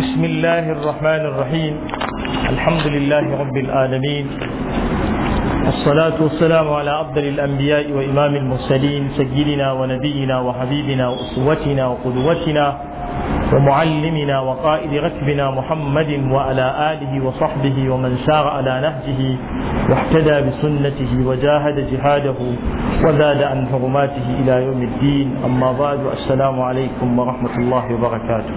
بسم الله الرحمن الرحيم الحمد لله رب العالمين والصلاة والسلام على أفضل الأنبياء وإمام المرسلين سيدنا ونبينا وحبيبنا وأسوتنا وقدوتنا ومعلمنا وقائد ركبنا محمد وعلى آله وصحبه ومن سار على نهجه واحتدى بسنته وجاهد جهاده وزاد عن حرماته إلى يوم الدين أما بعد السلام عليكم ورحمة الله وبركاته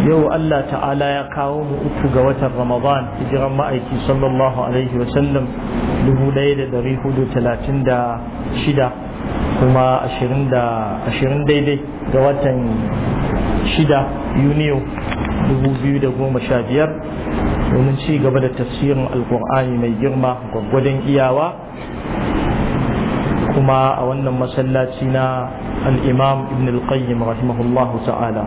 yau Allah ta'ala ya kawo mu uku ga watan Ramadan hijiran ma'aiki sallallahu alaihi wasallam 1436 kuma 20 daidai ga watan 6 yuniyo 2015 domin ci gaba da tafsirin alkur'ani mai girma gwaggwadon iyawa kuma a wannan masallaci na al'imam ibn al-qayyim rahimahullahu ta'ala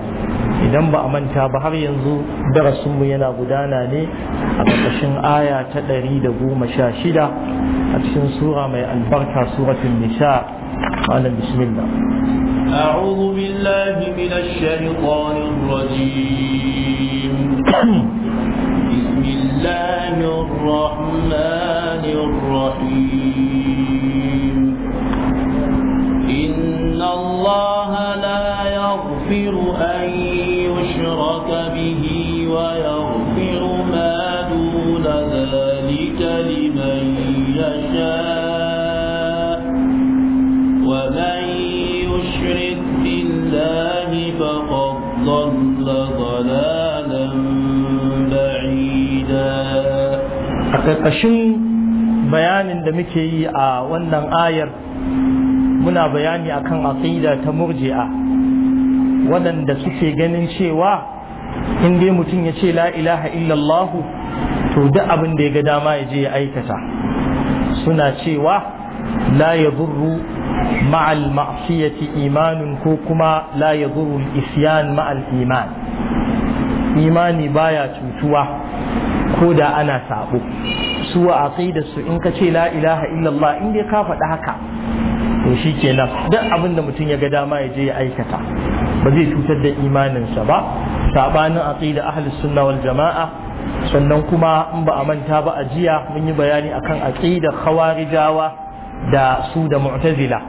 idan ba a manta ba har yanzu darasinmu yana gudana ne a ƙarƙashin aya ta 116 a cikin sura mai albarka suratun nisa قال بسم الله أعوذ بالله من الشيطان الرجيم بسم الله الرحمن الرحيم إن الله لا يغفر أن يشرك به ويغفر فقد ضل bayanin da muke yi a wannan ayar muna bayani a kan aƙida ta murji'a waɗanda suke ganin cewa in dai mutum ya ce la ilaha illallahu to duk abin da ya ga dama ya je ya aikata suna cewa la ya burru مع المعصية إيمان كوكما لا يضر الإسيان مع الإيمان إيماني بايا تتوى كودا أنا سابو سوى عقيدة إنك لا إله إلا الله إني كافة هكا to shi kenan duk abinda mutum ya ga dama ya je ya aikata ba zai cutar da imaninsa ba Saɓanin aqida ahli sunna wal jama'a sannan kuma in ba a manta ba a jiya mun yi bayani akan aqida kawarijawa. da su da mu'tazila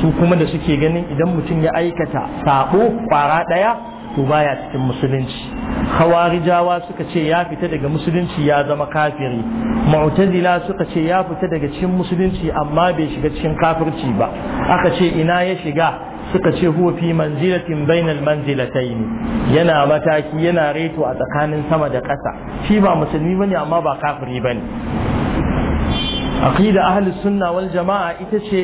su kuma da suke ganin idan mutum ya aikata sabo kwara daya to baya cikin musulunci khawarijawa suka ce ya fita daga musulunci ya zama kafiri mu'tazila suka ce ya fita daga cikin musulunci amma bai shiga cikin kafirci ba aka ce ina ya shiga suka ce huwa fi manzilatin bainal manzilataini yana mataki yana reto a tsakanin sama da ƙasa shi ba musulmi bane amma ba kafiri bane aqida ahli sunna wal jama'a ita ce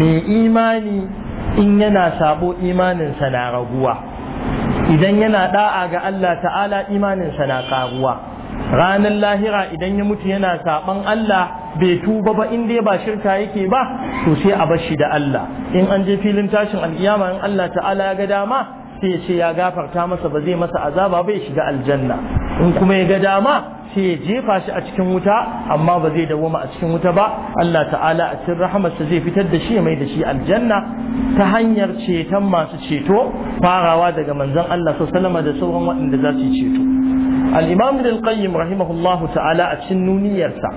mai imani in yana sabo imaninsa na raguwa idan yana da'a ga Allah ta'ala imaninsa na karuwa ranar lahira idan ya mutu yana saban Allah bai tuba ba in dai ba shirka yake ba to sai a bar shi da Allah in an je filin tashin alkiyama in Allah ta'ala ya ga dama sai ya ce ya gafarta masa ba zai masa azaba ya shiga aljanna in kuma ya ga dama sai ya jefa shi a cikin wuta amma ba zai dawoma a cikin wuta ba Allah ta'ala a cikin rahamarsa zai fitar da shi mai da shi aljanna ta hanyar ceton masu ceto farawa daga manzon Allah sallallahu da sauran waɗanda za su ceto al-imam ibn qayyim rahimahullahu ta'ala a cikin nuniyarsa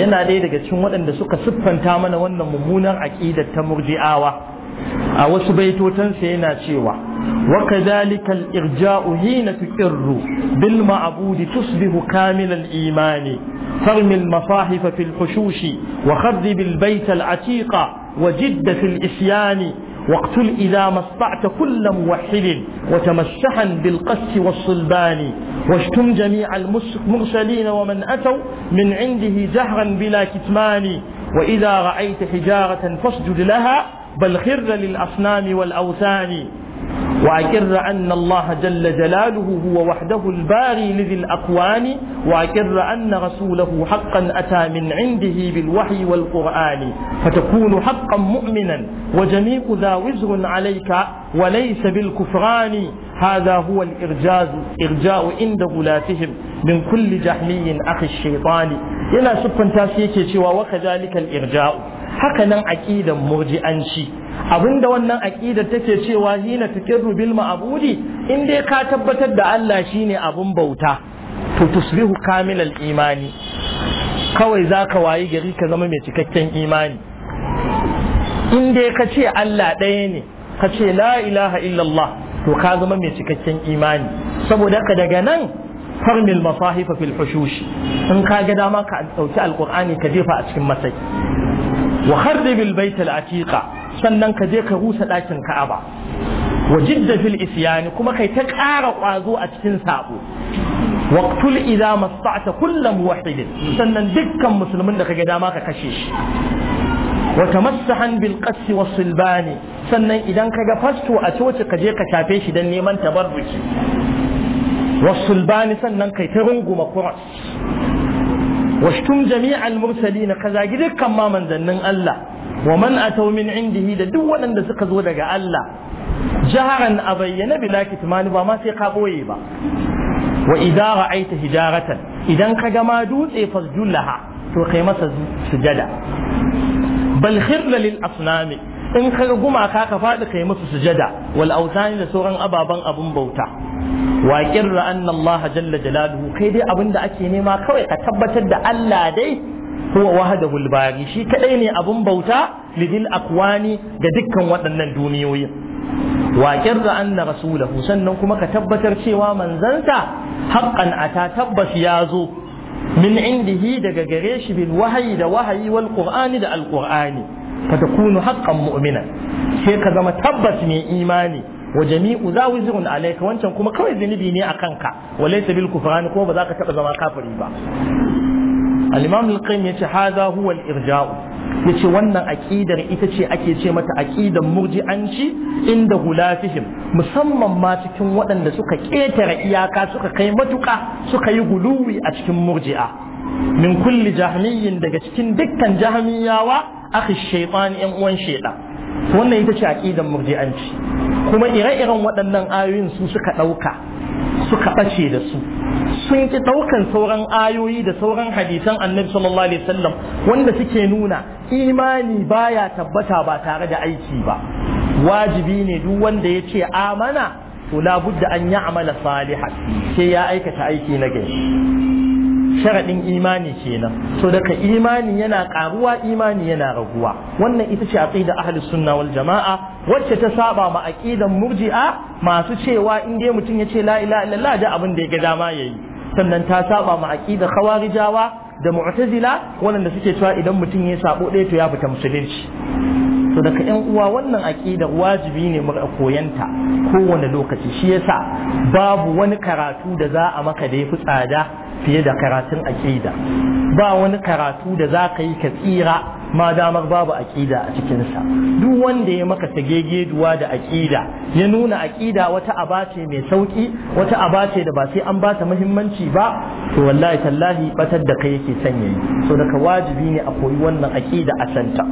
yana ɗaya daga cikin waɗanda suka siffanta mana wannan mummunar aƙidar ta murji'awa a wasu baitotansa yana cewa وكذلك الإرجاء حين تقر بالمعبود تصبح كامل الإيمان فرم المصاحف في الحشوش وخرب البيت العتيق وجد في الإسيان واقتل إذا ما استطعت كل موحد وتمسحا بالقس والصلبان واشتم جميع المرسلين ومن أتوا من عنده زهرا بلا كتمان وإذا رأيت حجارة فاسجد لها بل خر للأصنام والأوثان وأقر أن الله جل جلاله هو وحده الباري لذي الأقوان وأقر أن رسوله حقا أتى من عنده بالوحي والقرآن فتكون حقا مؤمنا وجميع ذا وزر عليك وليس بالكفران هذا هو الإرجاز إرجاء عند غلاتهم من كل جهمي أخي الشيطان إلى سبحان تاسيكي وكذلك الإرجاء هكذا عقيدا مرجئا شيء abinda wannan aqidar take cewa hina tukirru bil ma'budi in dai ka tabbatar da Allah shine abin bauta to tusbihu kamilal imani kawai zaka wayi gari ka zama mai cikakken imani in dai ka ce Allah ɗaya ne ka ce la ilaha illallah to ka zama mai cikakken imani saboda ka daga nan farmil masahifa fil hushushi in ka ga dama ka ɗauki alqur'ani ka jefa a cikin masai wa kharribil baital atiqa sannan ka je ka rusa ɗakin ka'aba wa jidda fil isyani kuma kai ta ƙara ƙwazo a cikin sabo waqtul idza masta'ta kullu muwahhid sannan dukkan musulmin da kage dama ka kashe shi wa tamassahan bil qass was silbani sannan idan kaga fasto a coci ka je ka shafe shi dan neman tabarruki was sannan kai ta runguma kuras washtum jami'al mursalin kaza dukkan ma manzannin Allah wa man atau min indihi da duk waɗanda suka zo daga Allah jaharan a bayyana bila kitmani ba ma sai ka boye ba wa idza ra'aita hijaratan idan ka ga ma dutse fasjullaha to kai masa sujada bal khirla lil asnami in ka ga gumaka ka faɗi kai musu sujada wal autani da sauran ababan abun bauta wa qirra anna Allah jalla jalaluhu kai dai abinda ake nema kawai ka tabbatar da Allah dai huwa wahdahu bari shi kadai ne abun bauta lidil akwani ga dukkan waɗannan duniyoyi wa kirra anna rasulahu sannan kuma ka tabbatar cewa Haƙƙan a ata tabbas ya zo min indihi daga gare shi bil wahayi da wahayi wal qur'ani da al qur'ani fatakunu haqqan mu'mina sai ka zama tabbas mai imani wa jami'u za alayka wancan kuma kawai zunubi ne akan ka walaysa bil kufrani kuma ba za ka taba zama kafiri ba al-imam al-qayyim yace hadha huwa al-irja'u yace wannan aqidar ita ce ake ce mata aqidan murji'anci inda hulafihim musamman ma cikin waɗanda suka ƙetare iyaka suka kai matuƙa suka yi guluwi a cikin murji'a min kulli jahmiyyin daga cikin dukkan jahmiyawa akhi shaytan yan uwan shaytan wannan ita ce aqidan murji'anci kuma ire-iren waɗannan ayoyin su suka ɗauka suka ɓace da su sun ƙi ɗaukan sauran ayoyi da sauran hadisan annabi sallallahu alaihi wasallam wanda suke nuna imani baya tabbata ba tare da aiki ba wajibi ne duk wanda ya ce amana to labudda an yi amala salihan sai ya aikata aiki na gari sharaɗin imani kenan to daga imani yana ƙaruwa imani yana raguwa wannan ita ce aqida ahlus sunna wal jama'a wacce ta saba ma aqidan murji'a masu cewa in dai mutum ya ce la ilaha illallah da abin da ya ga dama yayi sannan ta saba ma aqida khawarijawa da mu'tazila waɗanda suke cewa idan mutum ya sabo ɗaya to ya fita musulunci to daga yan uwa wannan aqida wajibi ne mu koyanta kowane lokaci shi yasa babu wani karatu da za a maka da yafi tsada fiye da karatun aƙida ba wani karatu da za ka yi ka tsira ma damar babu aƙida a cikinsa duk wanda ya maka gegeduwa da aƙida ya nuna aƙida wata aba ce mai sauƙi wata aba ce da ba sai an ba ta muhimmanci ba to wallahi tallahi batar da kai yake sanya yi so daga wajibi ne a koyi wannan aƙida a santa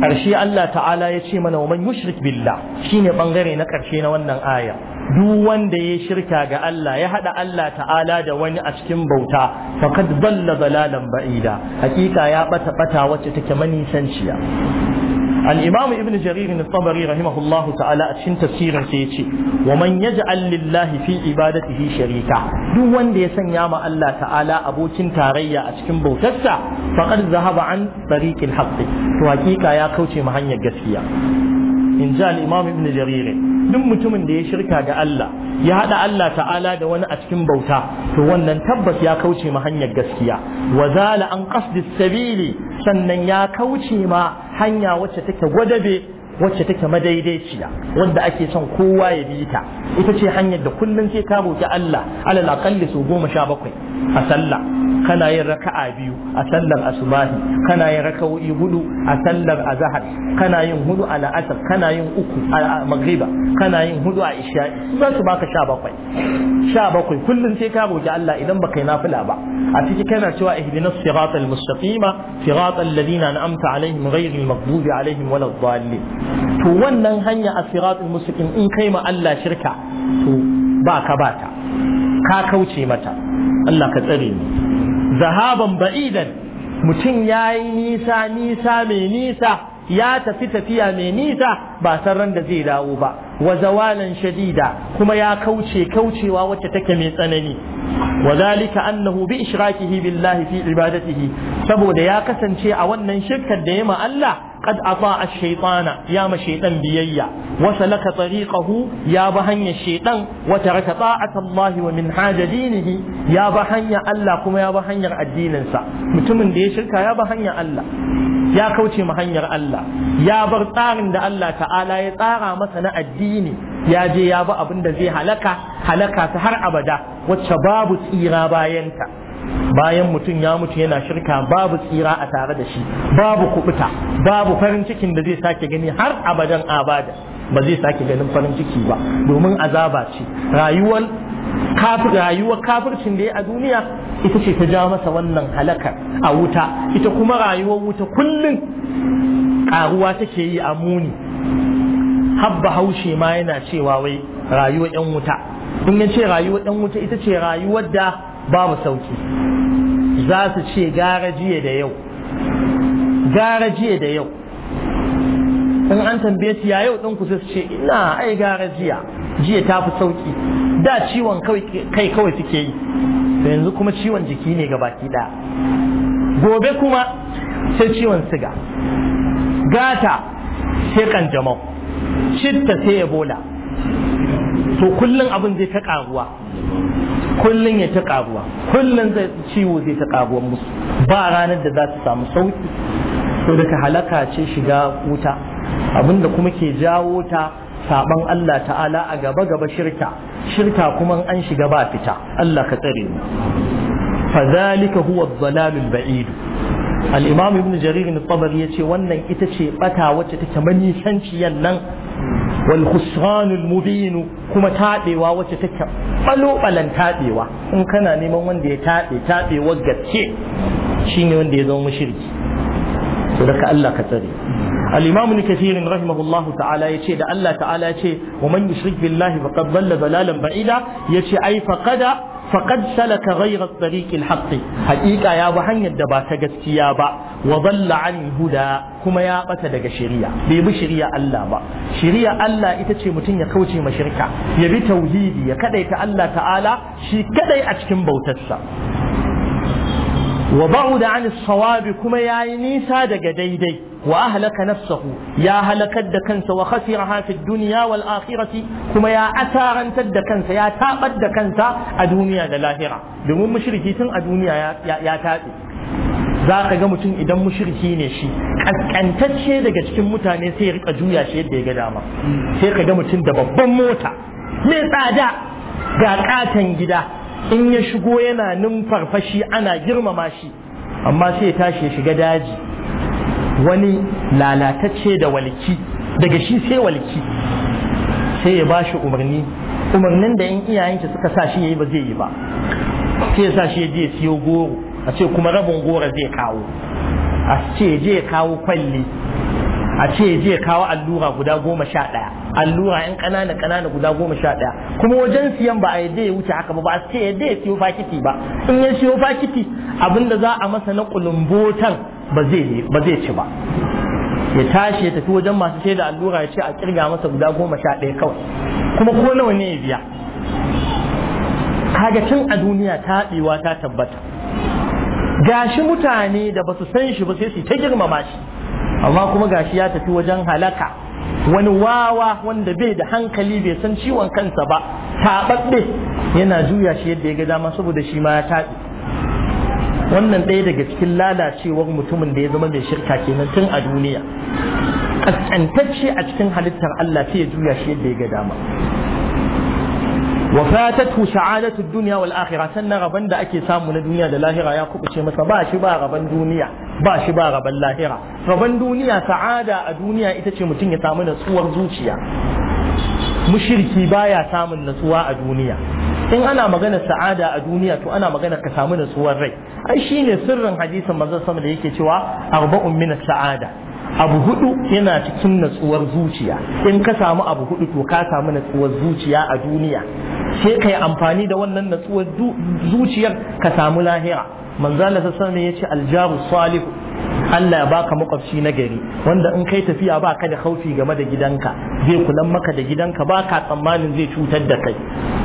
ƙarshe Allah ta'ala ya ce mana wa man yushrik billah shine bangare na ƙarshe na wannan aya duk wanda ya shirka ga Allah ya haɗa Allah ta'ala da wani a cikin bauta faqad bala dalalan ba'ida hakika ya bata bata wacce take manisanciya al-imam ibn jarir al-tabari rahimahullah ta'ala a cikin tafsirin sa ce. wa man yaj'al lillahi fi ibadatihi sharika duk wanda ya sanya ma Allah ta'ala abokin tarayya a cikin bautarsa faqad zahaba an tariqil haqq to hakika ya kauce ma hanyar gaskiya in ja al-imam ibn jarir duk mutumin da ya shirka da Allah ya haɗa Allah ta'ala da wani a cikin bauta to wannan tabbas ya kauce ma hanyar gaskiya wa zala an qasdi sabili sannan ya kauce ma hanya wacce take gwadabe wacce take madaidaiciya wanda ake son kowa ya bi ta ita ce hanyar da kullum sai ka roki Allah alal aqalli su goma sha bakwai a sallah kana yin raka'a biyu a sallar asubahi kana yin raka'o'i hudu a sallar azhar kana yin hudu a la'asar kana yin uku a magriba kana yin hudu a isha'i za su baka sha bakwai sha bakwai kullum sai ka roki Allah idan baka yi nafila ba a ciki kana cewa ihdinas siratal mustaqima siratal ladina an'amta alaihim ghayril maghdubi alaihim walad dallin to wannan hanya a siratul mustaqim in kai ma Allah shirka to ba ka bata ka kauce mata Allah ka tsare mu. zahaban ba'idan mutum yayi nisa nisa mai nisa ya tafi tafiya mai nisa ba san ran da zai dawo ba wa zawalan shadida kuma ya kauce kaucewa wacce take mai tsanani wa zalika annahu bi ishrakihi billahi fi ibadatihi saboda ya kasance a wannan shirkar da ma Allah qad ata ash-shaytana ya ma shaytan biyayya wa salaka tariqahu ya ba hanya shaytan wa taraka ta'ata Allah wa min haja dinihi ya ba hanya Allah kuma ya ba hanyar addinin sa mutumin da ya shirka ya ba hanya Allah ya kauce ma hanyar Allah ya bar tsarin da Allah ta'ala ya tsara masa na addini ya je ya bi abin da zai halaka halaka ta har abada wacce babu tsira bayanta bayan mutum ya mutu yana shirka babu tsira a tare da shi babu kubuta babu farin cikin da zai sake gani har abadan abada ba zai sake ganin farin ciki ba domin azaba ce rayuwar kafir rayuwar kafircin da ya a duniya ita ce ta ja masa wannan halakar a wuta ita kuma rayuwar wuta kullum karuwa take yi a muni habba haushe ma yana cewa wai rayuwar yan wuta in ya ce rayuwar yan wuta ita ce rayuwar da babu sauki za su ce gara jiya da yau gara jiya da yau in an tambaye su yau ɗin ku sai su ce ina ai gara jiya jiya ta fi sauki da ciwon kai kawai suke yi yanzu kuma ciwon jiki ne gabaki ɗaya gobe kuma sai ciwon siga gata sai kanjamau citta sai ebola to kullum abin zai ta karuwa kullum ya ta karuwa kullum zai ciwo zai ta karuwa musu ba ranar da za su samu sauki to daga halaka ce shiga wuta abinda kuma ke jawo ta saban Allah ta'ala a gaba gaba shirka shirka kuma an shiga ba fita Allah ka tsare mu fazalika huwa dhalalul ba'id al-imam ibn jarir al-tabari yace wannan ita ce bata wacce take manisanciyan nan wal khusranul mubin kuma tabewa wacce take balobalan tabewa in kana neman wanda ya tabe tabewar gaske shine wanda ya zama mushriki to daga Allah ka tsare al-imam kathirin rahimahullahu ta'ala yace da Allah ta'ala yace wa man yushrik billahi faqad dhalla dalalan ba'ida yace ai faqada faqad salaka ghayra at-tariq al ya bi hanyar da ba ta gaskiya ba wa dhalla an huda kuma ya bata daga shiriya bai bi shiriya Allah ba shari'a Allah ita ce mutum ya kauce ma shirka ya bi tauhidi ya kadaita Allah ta'ala shi kadai a cikin bautarsa wa ba'uda an sawabi kuma yayi nisa daga daidai wa ahlaka nafsahu ya halakar da kansa wa khasira ha fi dunya wal akhirati kuma ya atarantar da kansa ya tabar da kansa a duniya da lahira domin mushriki tun a duniya ya tabe za ka ga mutum idan mushriki ne shi kaskantacce daga cikin mutane sai ya rika juya shi yadda ya ga dama sai ka ga mutum da babban mota mai tsada ga katon gida in ya shigo yana numfarfashi ana girmama shi amma sai ya tashi ya shiga daji wani lalatacce da walki daga shi sai walki sai ya bashi umarni umarnin da in iyayenki suka sa shi yayi ba zai yi ba sai ya sa shi ya je siyo goro a ce kuma rabin goro zai kawo a ce je ya kawo kwalli a ce je kawo allura guda goma sha ɗaya allura yan ƙanana ƙanana guda goma sha ɗaya kuma wajen siyan ba a yadda ya wuce haka ba ba a ce yadda ya siyo fakiti ba in ya siyo fakiti abinda za a masa na kulumbotan ba zai ci ba ya tashi ya tafi wajen masu shaida allura ya ce a kirga masa guda goma sha ɗaya kawai kuma ko nawa ne ya biya kaga tun a duniya ta haɗewa ta tabbata gashi mutane da ba su san shi ba sai su ta girmama shi amma kuma gashi ya tafi wajen halaka wani wawa wanda bai da hankali bai san ciwon kansa ba taɓaɓɓe yana juya shi yadda ya ga dama saboda shi ma ya taɓi wannan ɗaya daga cikin lalacewar mutumin da ya zama mai shirka kenan tun a duniya ƙasƙantacce a cikin halittar Allah sai ya juya shi yadda ya ga dama Wafatatu fatatu duniya dunya wal akhirah sannan raban da ake samu na duniya da lahira ya kubuce masa ba shi ba raban duniya ba shi ba raban lahira raban duniya sa'ada a duniya ita ce mutum ya samu natsuwar zuciya mushriki baya samun natsuwa a duniya in ana magana sa'ada a duniya to ana magana ka samu natsuwar rai ai shine sirrin hadisin manzon sama da yake cewa arba'un min sa'ada abu hudu yana cikin natsuwar zuciya in ka samu abu hudu to ka samu natsuwar zuciya a duniya sai kai amfani da wannan natsuwar zuciyar ka samu lahira manzo Allah sallallahu alaihi wasallam yace aljaru salih Allah ya baka makwabci na gari wanda in kai tafiya ba ka da haufi game da gidanka zai kulan maka da gidanka ba ka tsammanin zai cutar da kai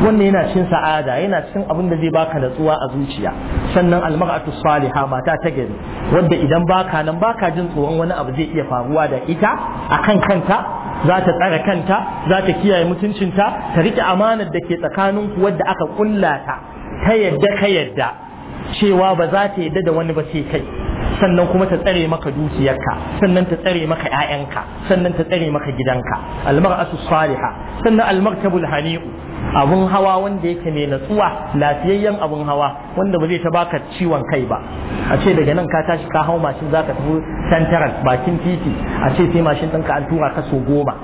wannan yana cin sa'ada yana cin abin da zai baka natsuwa a zuciya sannan almar'atu saliha mata ta gari wanda idan baka nan baka jin tsoron wani abu zai iya faruwa da ita akan kanta za ta tsare kanta za ta kiyaye mutuncinta ta rike amanar da ke tsakanin ku wadda aka kulla ta ta yadda ka yadda cewa ba za ta yadda da wani ba sai kai sannan kuma ta tsare maka dukiyarka sannan ta tsare maka ƴaƴanka sannan ta tsare maka gidanka almar'atu salihah sannan almarkabul hani'u abun hawa wanda yake mai natsuwa lafiyayyen abun hawa wanda ba zai ta baka ciwon kai ba a ce daga nan ka tashi ka hau mashin zaka tafi santaran bakin titi a ce sai mashin ɗinka an tura ka goma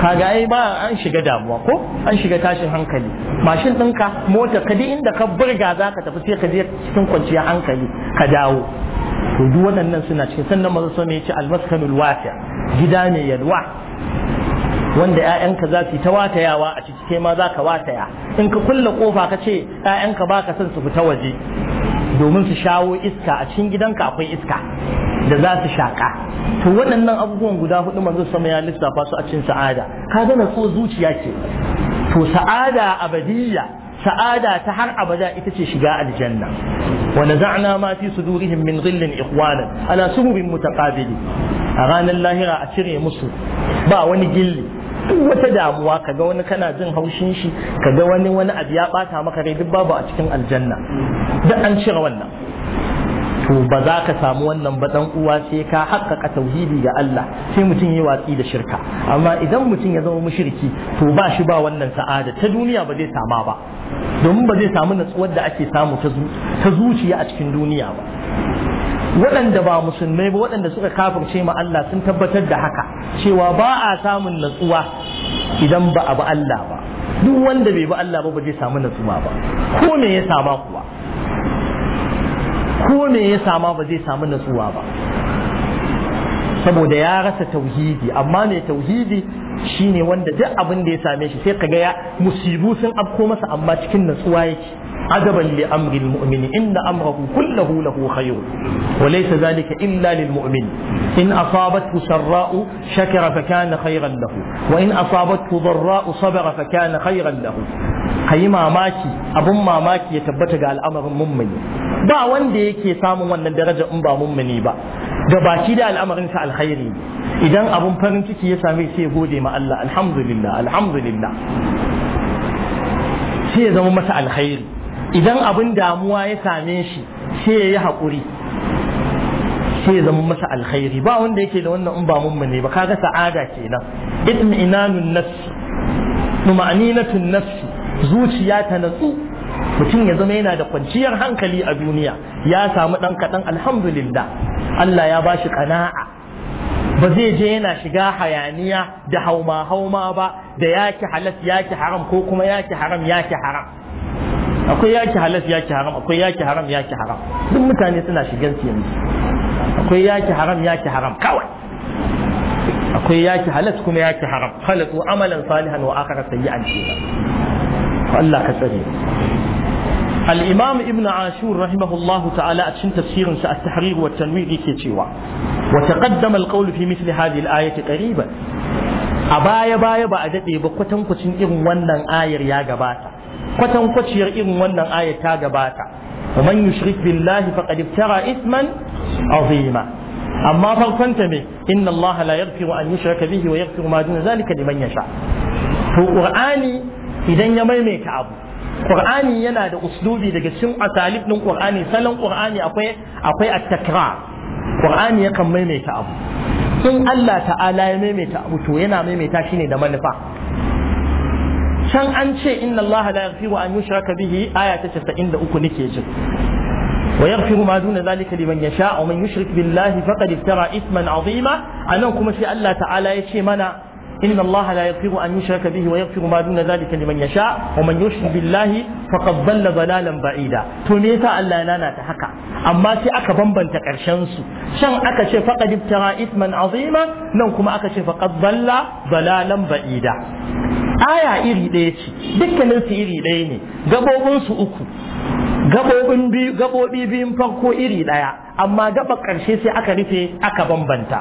ka ga ai ba an shiga damuwa ko an shiga tashin hankali mashin ɗinka mota ka inda ka burga zaka tafi sai ka je cikin kwanciyar hankali ka dawo to duk waɗannan suna cikin sannan maza sama ya ce almaskanul wasi gida ne yalwa wanda 'ya'yanka za su yi ta watayawa a ciki kai ma za ka wataya in ka kulle kofa ka ce ƴaƴanka ba ka son su fita waje domin su shawo iska a cikin gidanka akwai iska da za su shaƙa to waɗannan abubuwan guda hudu manzo sama ya lissafa su a cikin sa'ada ka gana so zuciya ke to sa'ada abadiyya sa'ada ta har abada ita ce shiga aljanna wa naza'na ma fi sudurihim min ghillin ikhwana mu ta kabili a ranar lahira a cire musu ba wani gilli duk wata damuwa kaga wani kana jin haushin shi kaga wani wani abu ya bata maka rai duk babu a cikin aljanna duk an cire wannan to ba za ka samu wannan ba uwa sai ka haƙƙaƙa tauhidi ga Allah sai mutum yi watsi da shirka amma idan mutum ya zama mushriki to ba shi ba wannan sa'ada ta duniya ba zai sama ba domin ba zai samu natsuwar da ake samu ta zuciya a cikin duniya ba waɗanda ba musulmai ba waɗanda suka kafirce ma Allah sun tabbatar da haka cewa ba a samun natsuwa idan ba a ba Allah ba duk wanda bai bi Allah ba ba zai samu natsuwa ba ko me ya sama kuwa ko me ya sama ba zai samu natsuwa ba saboda ya rasa tauhidi amma mai tauhidi shine wanda duk abin da ya same shi sai kaga ya musibu sun afko masa amma cikin natsuwa yake adaban li amri almu'min inna amrahu kullahu lahu khayr wa laysa zalika illa lilmu'min in asabathu sarra'u shakara fa kana khayran lahu wa in asabathu dharra'u sabara fa kana khayran lahu ka yi mamaki abun mamaki ya tabbata ga al'amarin mummuni ba wanda yake samun wannan daraja in ba mummuni ba da baki da al'amarin sa alkhairi idan abun farin ciki ya same sai ya gode ma Allah alhamdulillah alhamdulillah sai ya zama masa alkhairi idan abin damuwa ya same shi sai ya yi haƙuri sai ya zama masa alkhairi ba wanda yake da wannan in ba mummuni ba kaga sa'ada kenan itmi'inanun nafs tuma'ninatun nafsi zuciya ta natsu mutum ya zama yana da kwanciyar hankali a duniya ya samu ɗan kaɗan alhamdulillah Allah ya ba shi kana'a ba zai je yana shiga hayaniya da hauma hauma ba da yaki halas yaki haram ko kuma yaki haram yaki haram akwai yaki halas yaki haram akwai yaki haram yaki haram duk mutane suna shigar su yanzu akwai yaki haram yaki haram kawai akwai yaki halas kuma yaki haram halatu amalan salihan wa akhara sayyi'an kenan Allah ka tsare al-imam ibn ashur rahimahullahu ta'ala a cikin tafsirin sa at-tahrir wa tanwir ke cewa wa taqaddama al-qawl fi mithli hadhihi al-ayati qariban a baya baya ba a dade ba kwatankwacin irin wannan ayar ya gabata kwatankwaciyar irin wannan ayar ta gabata ومن يشرك بالله فقد افترى اثما عظيما اما فرقنت به ان الله لا يغفر ان يشرك به ويغفر ما دون ذلك لمن يشاء to qur'ani idan ya maimaita abu qur'ani yana da uslubi daga cikin asalib din qur'ani salon qur'ani akwai akwai at qur'ani yakan maimaita abu in Allah ta'ala ya maimaita abu to yana maimaita shine da manufa can an ce inna Allah la yaghfiru an yushraka bihi aya ta 93 nake jin ويغفر ما دون ذلك لمن يشاء ومن يشرك بالله فقد افترى اثما عظيما انا كما شيء الله تعالى يشي منا إن الله لا يغفر أن يشرك به ويغفر ما دون ذلك لمن يشاء ومن يشرك بالله فقد ضل ضلالا بعيدا تميتا ألا نانا تحقا أما سي أكا بمبن تكرشنسو شان أكا شي فقد ابتغى إثما عظيما نوكما أكا شي فقد ضل ضلالا بعيدا aya iri ɗaya ce dukkaninsu iri ɗaya ne gaɓoɓinsu uku gabobin biyu biyun farko iri ɗaya, amma gaɓa ƙarshe sai aka rufe aka bambanta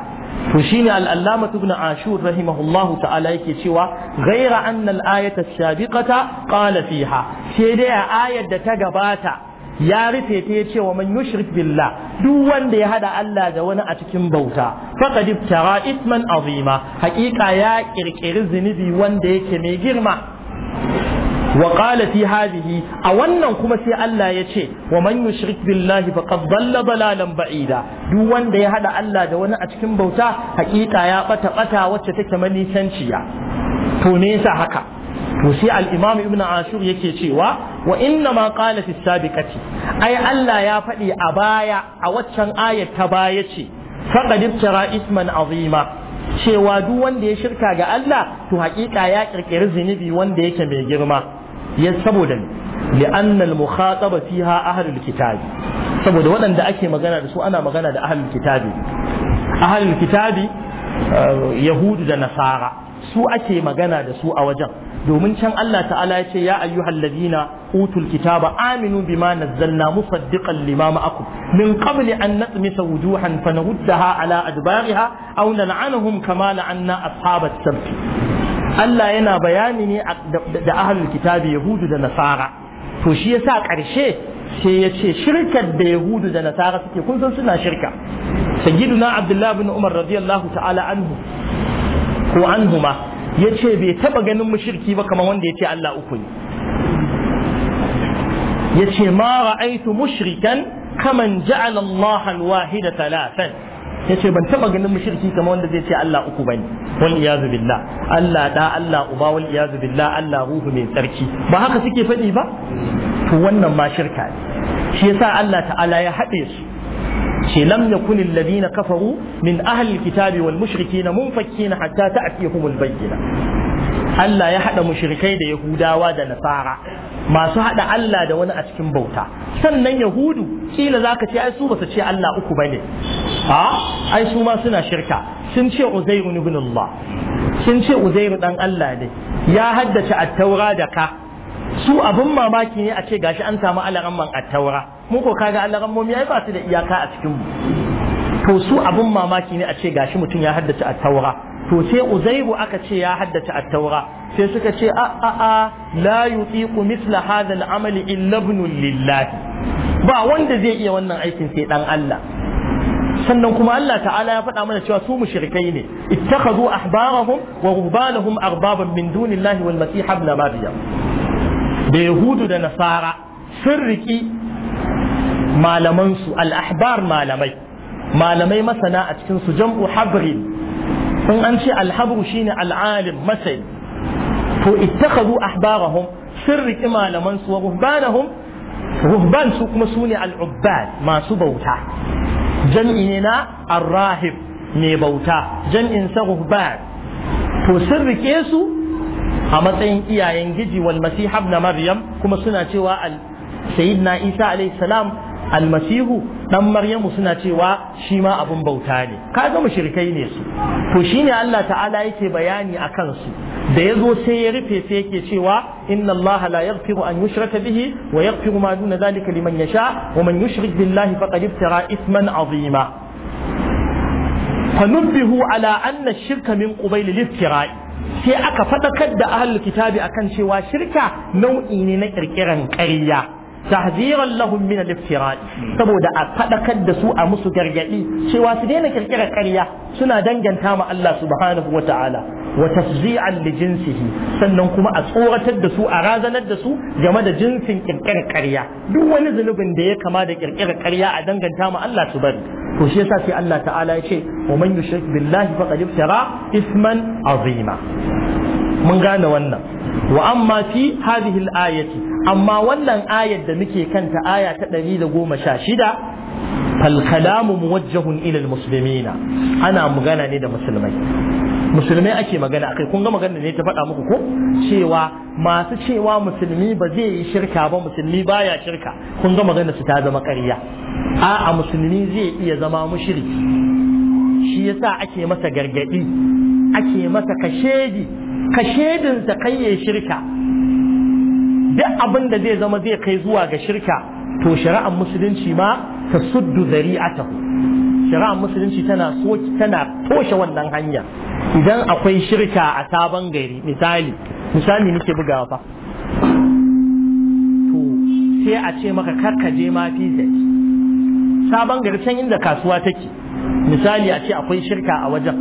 to shine al-allama ibn ashur rahimahullahu ta'ala yake cewa ghaira anna al-ayata ash qala fiha sai dai a ayar da ta gabata ya rufe ta ya ce wa man yushrik billah duk wanda ya hada Allah da wani a cikin bauta faqad iftara isman azima haqiqa ya kirkiri zunubi wanda yake mai girma wa qala fi a wannan kuma sai Allah ya ce wa man yushrik billahi faqad dalla dalalan ba'ida duk wanda ya haɗa Allah da wani a cikin bauta hakika ya bata bata wacce take manisanciya to ne yasa haka to sai al-imam ibnu ashur yake cewa wa inna ma qala fi sabiqati ai Allah ya faɗi a baya a waccan ayar ta baya ce faqad ibtara isman azima cewa duk wanda ya shirka ga Allah to haƙiƙa ya kirkiri zunubi wanda yake mai girma ya saboda li'anna al-mukhataba fiha ahlul kitabi saboda waɗanda ake magana da su ana magana da ahlul kitabi ahlul kitabi eh, yahudu da nasara su ake magana da su a wajen domin can Allah ta'ala ya ce ya ayyuhal ladina utul kitaba aminu bima nazzalna musaddiqan lima ma'akum min qabli an natmisa wujuhan fanahuddaha ala adbariha aw nal'anahum kama la'anna ashabat sabt Allah yana bayani ne da ahlul kitabi yahudu da nasara to shi yasa karshe sai ya ce shirkar da yahudu da nasara suke kun san suna shirka sayyiduna abdullahi bin umar radiyallahu ta'ala anhu ko anhuma yace bai taba ganin mushriki ba kamar wanda yace Allah uku ne yace ma ra'aytu mushrikan kaman ja'ala Allah al-wahida thalathan yace ban taba ganin mushriki kamar wanda zai ce Allah uku bane wal iyazu billah Allah da Allah uba wal iyazu billah Allah ruhu mai tsarki ba haka suke faɗi ba to wannan ma shirka ne shi yasa Allah ta'ala ya haɗe su ce lam yakun alladhina kafaru min ahli alkitabi wal mushrikina munfakkina hatta ta'tiyahum albayyina Allah ya haɗa mushrikai da Yahudawa da Nasara masu haɗa Allah da wani a cikin bauta sannan Yahudu kila zaka ce ai su ba su ce Allah uku bane a ai su ma suna shirka sun ce uzairu ibn Allah sun ce uzairu dan Allah ne ya haddace at-taura da ka su abin mamaki ne a ce gashi an samu alaramman at-taura mu ko kaga alarammomi ai ba su da iyaka a cikin mu to su abin mamaki ne a ce gashi mutum ya haddace at-taura to sai uzairu aka ce ya haddace at-taura sai suka ce a a a la yutiqu mithla hadha al-amali illa ibn lillah ba wanda zai iya wannan aikin sai dan Allah sannan kuma Allah ta'ala ya faɗa mana cewa su mushrikai ne ittakhadhu ahbarahum wa rubbanahum arbaban min dunillahi wal masih ibn maryam da yahudu da nasara sun riki malaman su al ahbar malamai malamai masana a cikin su jam'u habrin sun an ce al habru shine al alim masai to ittakhadhu ahbarahum sun riki malaman su wa rubbanahum ruhban su kuma sune ne al'ubbad masu bauta jam'i ne na arrahib mai bauta jam'in sa ruhban to sun rike su a matsayin iyayen giji wal masih ibn maryam kuma suna cewa al sayyidina isa alayhi salam almasihu dan maryamu suna cewa shi ma abun bauta ne kaga mushrikai ne su to shine Allah ta'ala yake bayani akan su da yazo sai ya rufe sai yake cewa inna Allah la yaghfiru an yushraka bihi wa yaghfiru ma duna dhalika liman yasha wa man yushrik billahi faqad iftara isman azima fanubbihu ala anna shirka min qubayl al sai aka faɗakar da ahlul kitabi akan cewa shirka nau'i ne na ƙirƙiran ƙarya tahziran lahum min al saboda a faɗakar da su a musu gargadi cewa su daina kirkirar ƙarya suna danganta ma Allah subhanahu wata'ala wa tafzi'an li jinsihi sannan kuma a tsoratar da su a razanar da su game da jinsin kirkirar ƙarya duk wani zunubin da ya kama da ƙirƙirar ƙarya a danganta ma Allah su bari to shi yasa sai Allah ta'ala ya ce wa man yushrik billahi faqad iftara isman azima mun gane wannan wa amma fi hadhihi al amma wannan ayar da muke kanta aya ta ɗari da goma sha shida falkalamu muwajjahun ilal musulmina ana magana ne da musulmai musulmai ake magana akai kun ga magana ne ta faɗa muku ko cewa masu cewa musulmi ba zai yi shirka ba musulmi baya shirka kun ga magana su ta zama ƙarya a'a musulmi zai iya zama mushriki shi yasa ake masa gargadi ake masa kashedi kashedin sa kai ya shirka duk abin da zai zama zai kai zuwa ga shirka to shari'ar musulunci ma ta suddu zari'atahu shari'ar musulunci tana so tana toshe wannan hanya idan akwai shirka a sabon gari misali misali nake bugawa fa to sai a ce maka je ma fi sabon gari can inda kasuwa take misali a ce akwai shirka a wajen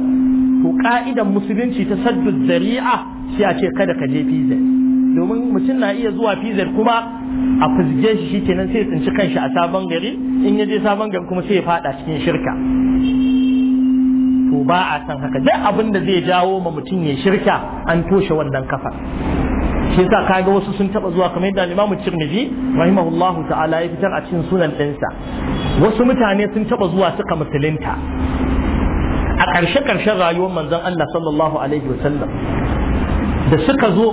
to ka'idan musulunci ta saddu zari'a sai a ce kada ka je fi domin mutum na iya zuwa fizar kuma a fizge shi shi kenan sai tsinci kanshi a sabon gari in ya je sabon gari kuma sai ya fada cikin shirka to ba a san haka duk abin da zai jawo ma mutum ya shirka an toshe wannan kafa shi yasa kaga wasu sun taba zuwa kamar yadda Imam Tirmidhi rahimahullahu ta'ala ya fitar a cikin sunan ɗinsa wasu mutane sun taba zuwa suka musulunta a ƙarshe ƙarshen rayuwar manzon Allah sallallahu alaihi wasallam da suka zo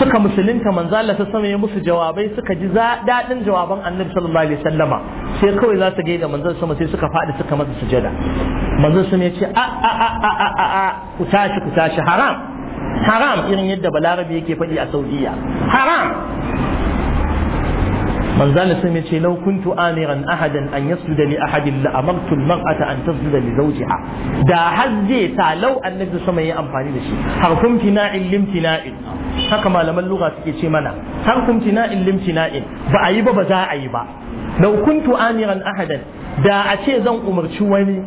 suka musulunta manzo Allah ta sama ya musu jawabai suka ji daɗin jawaban annabi sallallahu alaihi wasallama sai kawai za su gaida manzo sama sai suka faɗi suka masa sujada manzo sama ya ce a a a a a a ku tashi ku tashi haram haram irin yadda balarabi yake faɗi a saudiya haram manzana sun ya ce laukuntu amiran ahadan an da ni ahadin la'amartun mar'ata an ta da ni zauji a da hajje ta lau annabi su mai amfani da shi harkum tina'in lim tina'in haka malaman lura suke ce mana harkum tina'in lim tina'in ba a yi ba ba za a yi ba laukuntu amiran ahadan da a ce zan umarci wani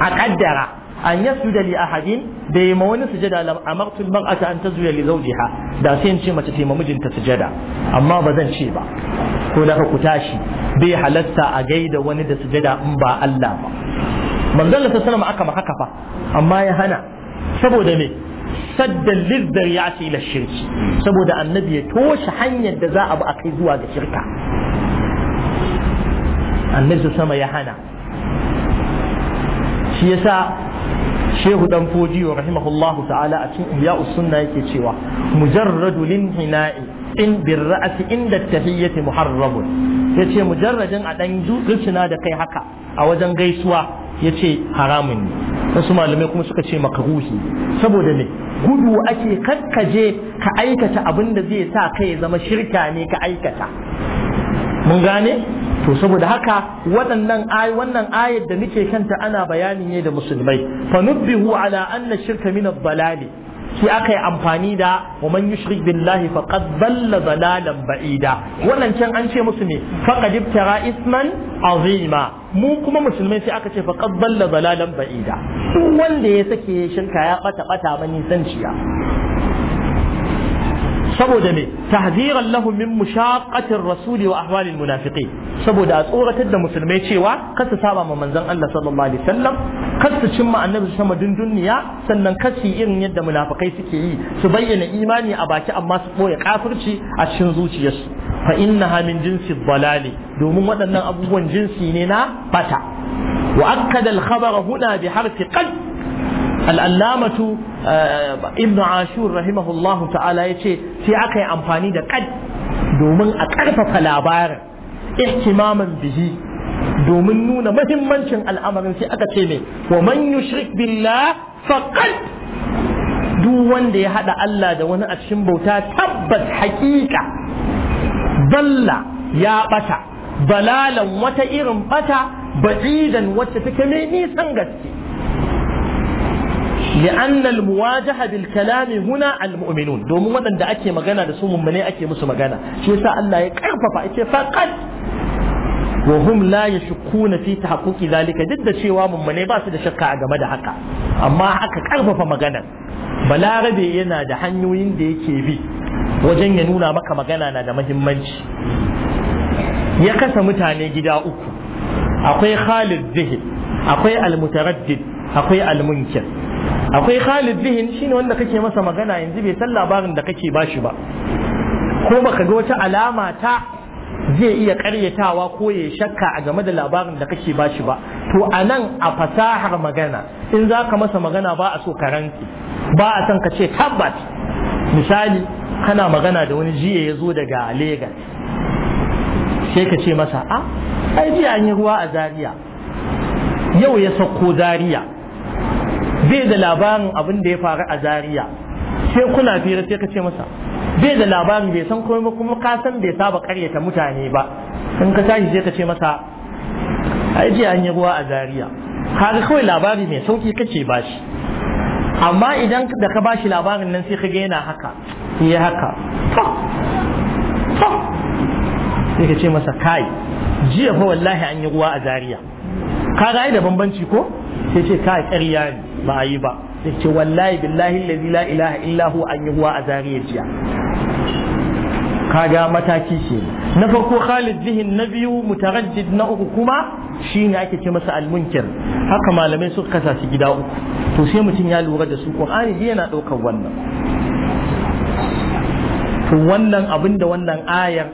a ƙaddara. an yasjuda li ahadin bai ma wani sujada a amartu al-mar'ata an zuya li zawjiha da sai in ce mace ta mijinta sujada amma ba zan ce ba ko da ku tashi bai halatta a gaida wani da sujada in ba Allah ba manzon Allah sallallahu aka ma haka fa amma ya hana saboda me saddan lizzar ya ce ila shirki saboda annabi ya toshe hanyar da za a bi a kai zuwa ga shirka annabi sama ya hana shi yasa shehu dan wa rahimahullahu ta'ala a cikin ihya sunna yake cewa mujarradu hina'i in birra'ati inda tahiyyati muharrabun yace mujarradin a dan zuciya da kai haka a wajen gaisuwa yace haramun ne wasu malamai kuma suka ce makaruhi saboda ne gudu ake kakkaje ka aikata abin da zai sa kai zama shirka ne ka aikata mun gane to saboda haka waɗannan ay wannan ayar da muke kanta ana bayani ne da musulmai fa nubbihu ala anna shirka min ad-dalali shi aka yi amfani da wa man yushrik billahi faqad dalla dalalan ba'ida wannan can an ce musu ne faqad ibtara isman azima mu kuma musulmai sai aka ce faqad dalla dalalan ba'ida duk wanda ya sake shirka ya bata bata manisanciya saboda me tahziran lahum min mushaqatir rasuli wa ahwalil munafiqin saboda a tsoratar da musulmai cewa kar su saba ma manzon Allah sallallahu alaihi wasallam kar su cimma annabi sama dundunniya sannan kar su irin yadda munafikai suke yi su bayyana imani a baki amma su boye kafirci a cikin zuciyarsu fa innaha min jinsi dalali domin waɗannan abubuwan jinsi ne na bata wa akkada al-khabara huna bi harfi qad al'allamatu eh, ibn ashur rahimahullahu ta'ala ya ce sai aka yi amfani da kad domin a ƙarfafa labarin ihtimaman bihi domin nuna mahimmancin al'amarin sai aka ce mai wa man yushrik billah faqad duk wanda ya haɗa Allah da wani a cikin bauta tabbas haƙiƙa balla ya bata balalan wata irin bata ba'idan wacce take mai nisan gaske لأن المواجهة بالكلام هنا المؤمنون دوم ودن دا أكي مغانا دا سوم مني أكي مسو مغانا شيسا الله يكرفف أكي فقط وهم لا يشكون في تحقق ذلك ضد شيوا من مني باس دا شكا أجمع دا حقا أما حقا كرفف مغانا balarabe yana da hanyoyin da yake bi wajen ya nuna maka magana na da mahimmanci ya kasa mutane gida uku akwai khalid zihid akwai almutaraddid akwai almunkir akwai Khalid Zihin shine wanda kake masa magana yanzu bai san labarin da kake bashi ba ko baka ga wata alama ta zai iya karyatawa ko ya shakka a game da labarin da kake bashi ba to a nan a fasahar magana in za ka masa magana ba a so ka ranki ba a son ka ce tabbat misali kana magana da wani jiya ya zo daga Legas sai ka ce masa a ah, ai jiya an yi ruwa a Zaria yau ya sauko Zariya. bai da labarin abin da ya faru a Zariya sai kuna fira sai ka ce masa bai da labarin bai san komai kuma ka san bai saba karyata mutane ba in ka tashi sai ka ce masa ai jiya an yi ruwa a Zariya. kaga kawai labari mai sauki kace ba shi amma idan da ka bashi labarin nan sai ka ga yana haka ya haka sai ka ce masa kai jiya fa wallahi an yi ruwa a Zariya. ka ga da bambanci ko sai ce ka ƙarya ne ba a yi ba ce wallahi billahi allazi la ilaha illahu an yi huwa a Zariya jiya kaga mataki ce na farko Khalid Zihin na biyu mutarajjid na uku kuma shi ne ake ce masa almunkir haka malamai suka kasa su gida uku to sai mutum ya lura da su Qur'ani yana daukar wannan to wannan abin da wannan ayar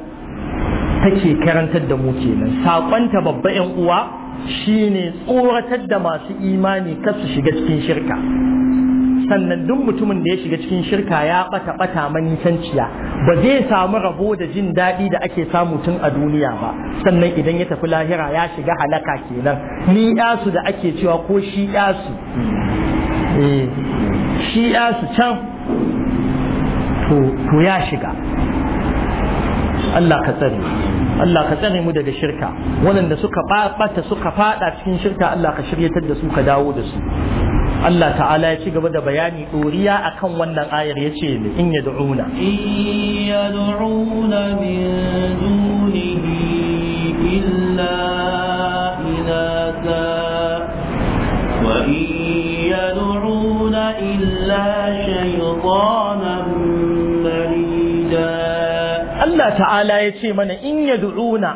take karantar da mu kenan sakonta babba yan uwa shine tsoratar da masu imani kar su shiga cikin shirka sannan duk mutumin da ya shiga cikin shirka ya bata bata manisanciya ba zai samu rabo da jin daɗi da ake samu tun a duniya ba sannan idan ya tafi lahira ya shiga halaka kenan ni yasu da ake cewa ko shi yasu eh, shi yasu can to ya shiga Allah ka tsare Allah ka tsare mu daga shirka waɗanda suka ɓata suka faɗa cikin shirka Allah ka shiryatar da su ka dawo da su Allah ta'ala ya ci gaba da bayani ɗoriya akan wannan ayar ya ce in ya du'una in ya min illa wa in ya Allah ta'ala ya ce mana in ya du'una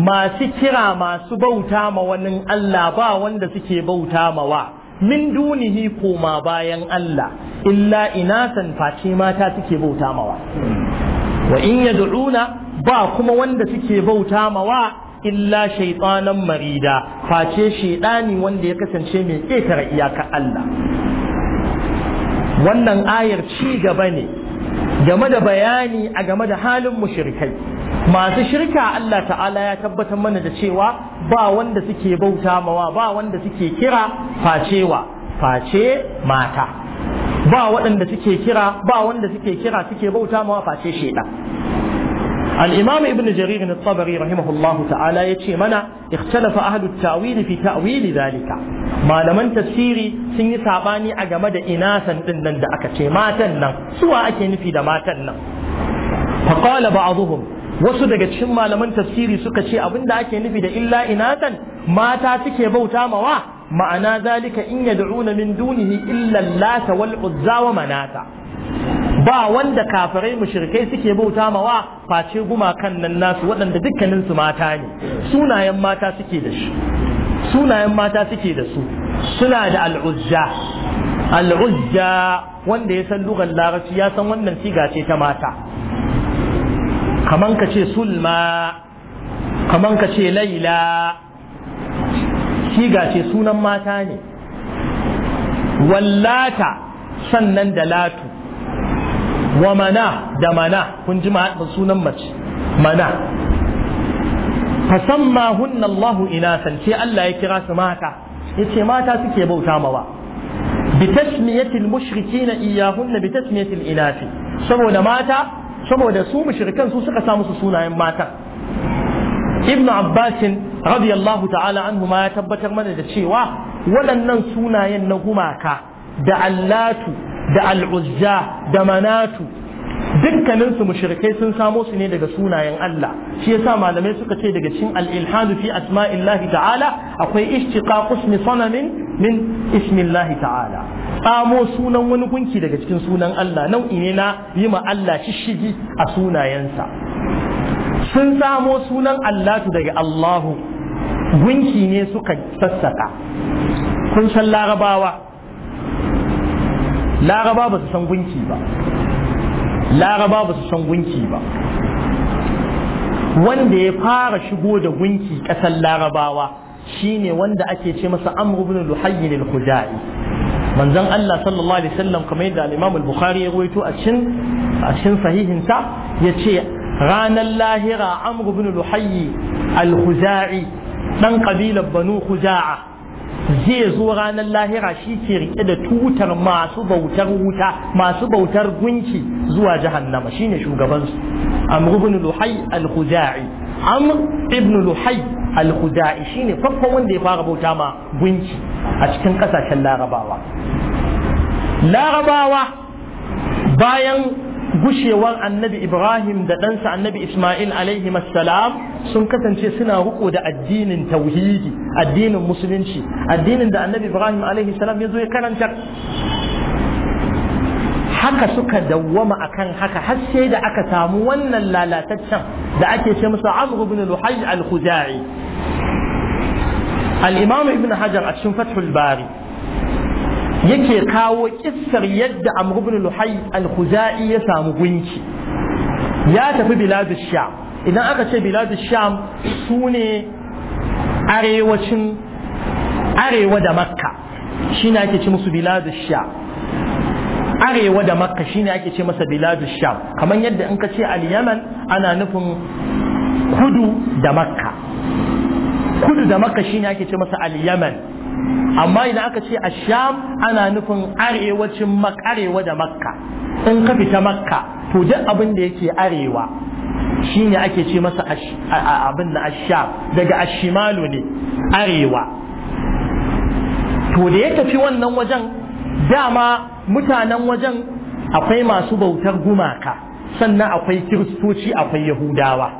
masu kira masu bauta ma wani Allah ba wanda suke bauta ma wa min dunihi koma bayan Allah illa inasan face mata suke bauta mawa wa in ya du'una ba kuma wanda suke bauta mawa illa shaitanan marida face shaidani wanda ya kasance mai ƙetare iyakar Allah wannan ayar ci gaba ne game da bayani a game da halin mushrikai masu shirka Allah ta'ala ya tabbatar mana da cewa ba wanda suke bauta mawa ba wanda suke kira facewa face mata ba waɗanda suke kira ba wanda suke kira suke bauta mawa face shaidan الإمام ابن جرير الطبري رحمه الله تعالى يتشي منا اختلف أهل التأويل في تأويل ذلك ما لمن تفسيري سنجي سعباني أجمد إناثا إنن دا أكتشي ماتنا سوى أكين في دماتنا فقال بعضهم wasu daga cikin malaman tafsiri suka ce abin da ake nufi da illa inatan mata suke bauta mawa ma'ana zalika in yad'una min dunihi illa lata wal uzza wa manata ba wanda kafirai mushrikai suke bauta mawa face gumakan nan nasu waɗanda dukkanin su mata ne sunayen mata suke da shi sunayen mata suke da su suna da al'uzza al'uzza wanda ya san lugar larabci ya san wannan siga ce ta mata kaman ka ce sulma kaman ka ce laila siga ce sunan mata ne wallata sannan da latu wa mana da mana kun ji sunan mace mana fasamma hunna Allahu inasan sai Allah ya kira su mata yace mata suke bauta mawa bitasmiyatil mushrikina iyahunna bitasmiyatil inafi saboda mata saboda su mushrikan su suka sa musu sunayen mata ibnu abbas radiyallahu ta'ala anhu ma ya tabbatar mana da cewa waɗannan sunayen na gumaka da allatu da al'uzza da manatu dukkaninsu mushrikai sun samo su ne daga sunayen Allah shi yasa malamai suka ce daga cikin al-ilhadu fi asma'illahi ta'ala akwai ishtiqaq ismi sanamin min ismillahi ta'ala samo sunan wani gunki daga cikin sunan Allah nau'i ne na yi ma Allah shishigi a sunayensa sun samo sunan Allatu daga Allahu gunki ne suka sassaka kun san larabawa laraba ba su san gunki ba laraba ba su san gunki ba wanda ya fara shigo da gunki ƙasar larabawa shine wanda ake ce masa amru bin luhayyin al-khuzai manzon Allah sallallahu alaihi wasallam kamar yadda al-Imam al-Bukhari ya rawaito a cikin a cikin sahihin sa yace ranar lahira amru bin luhayyi al-khuzai dan kabilar banu khuza'a zai zo ranar lahira shi ke rike da tutar masu bautar wuta masu bautar gunki zuwa jahannama shine shugabansu amr ibn luhai al-khuzai amr ibn luhai al-khuzai shine farkon wanda ya fara bauta ma gunki a cikin kasashen larabawa larabawa bayan gushewar annabi Ibrahim da ɗansa annabi Ismail alaihi salam sun kasance suna riko da addinin tauhidi addinin musulunci addinin da annabi Ibrahim alaihi salam ya zo ya karanta haka suka dawwama akan haka har sai da aka samu wannan lalataccen da ake ce masa Amr ibn Luhay al-Khuzai al-Imam Ibn Hajar a cikin Fathul Bari yake kawo kissar yadda amr ibn al-khuzai ya samu gunki ya tafi biladu sham idan aka ce biladu sham su ne arewacin arewa da makka shine ake ce musu biladu sham arewa da makka shine ake ce masa biladu sham kamar yadda in ka ce al-yaman ana nufin kudu da makka kudu da makka shine ake ce masa al-yaman amma idan aka ce a sham ana nufin arewacin arewa da makka in ka fita makka to duk abin da yake arewa shine ake ce masa abin na asham daga ashimalu ne arewa to da ya tafi wannan wajen dama mutanen wajen akwai masu bautar gumaka sannan akwai kiristoci akwai yahudawa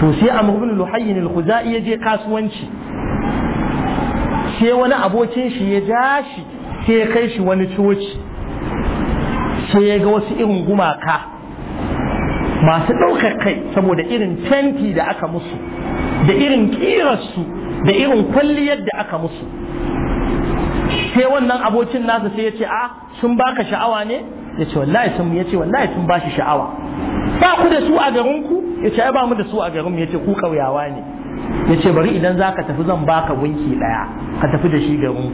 to sai amr luhayyin al-khuzai ya je kasuwanci sai wani abokin shi ya ja shi sai ya kai shi wani coci sai ya ga wasu irin gumaka masu ɗaukar kai saboda irin tenti da aka musu da irin ƙirarsu da irin kwalliyar da aka musu sai wannan abokin nasa sai ya ce a ah, sun baka sha'awa ne ya ce wallahi sun ya ce wallahi sun ba shi sha'awa ba ku da su a garinku ya ce ai ba mu da su a garinmu ya ce ku ƙauyawa ne ya ce bari idan za ka tafi zan baka gunki daya ka tafi da shi garin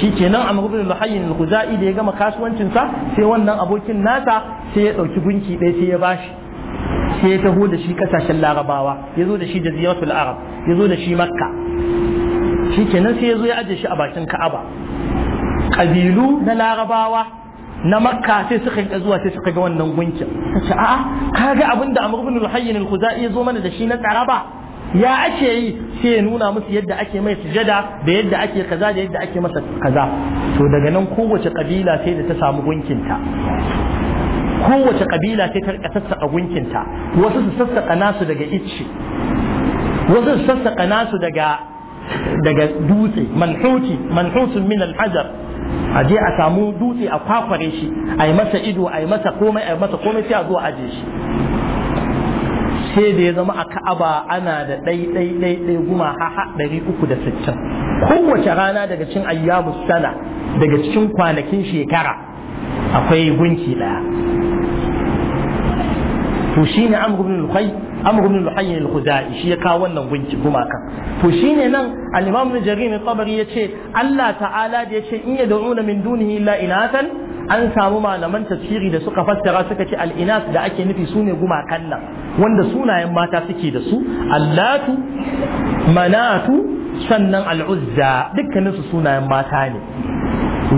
shi ke nan a mahubin luhayin al-kuza'i da ya gama kasuwancinsa sai wannan abokin nasa sai ya ɗauki gunki ɗaya sai ya bashi sai ya taho da shi ƙasashen larabawa ya zo da shi da ziyaratul arab ya zo da shi makka shi ke nan sai ya zo ya aje shi a bakin ka'aba ƙabilu na larabawa na makka sai suka yi zuwa sai suka ga wannan gunkin ta ce a'a ka ga abin da amr ibn al-hayyin al ya zo mana da shi na tsaraba ya ake yi sai ya nuna musu yadda ake mai sujada da yadda ake kaza da yadda ake masa kaza to daga nan kowace kabila sai da ta samu gunkinta kowace kabila sai ta rika sassaka gunkinta wasu su sassaka nasu daga icce wasu su sassaka nasu daga daga dutse manhuti manhutun min alhajar a je a samu dutse a kwakware shi a yi masa ido a yi masa komai a yi masa komai sai a zo a aje shi sai da ya zama a ka'aba ana da ɗai ɗai ɗai ɗai guma ha ha ɗari uku da sittin kowace rana daga cikin ayyamu sana daga cikin kwanakin shekara akwai gunki ɗaya to shine amr ibn al-khay amr ibn shi ya kawo wannan gunki kuma kan to shine nan al-imam al-jarir al-tabari yace Allah ta'ala da yace in yad'una min dunihi illa inatan an samu malaman tafsiri da suka fassara suka ce al'inas da ake nufi su ne gumakan nan wanda sunayen mata suke da su allatu manatu sannan al'uzza dukkaninsu sunayen mata ne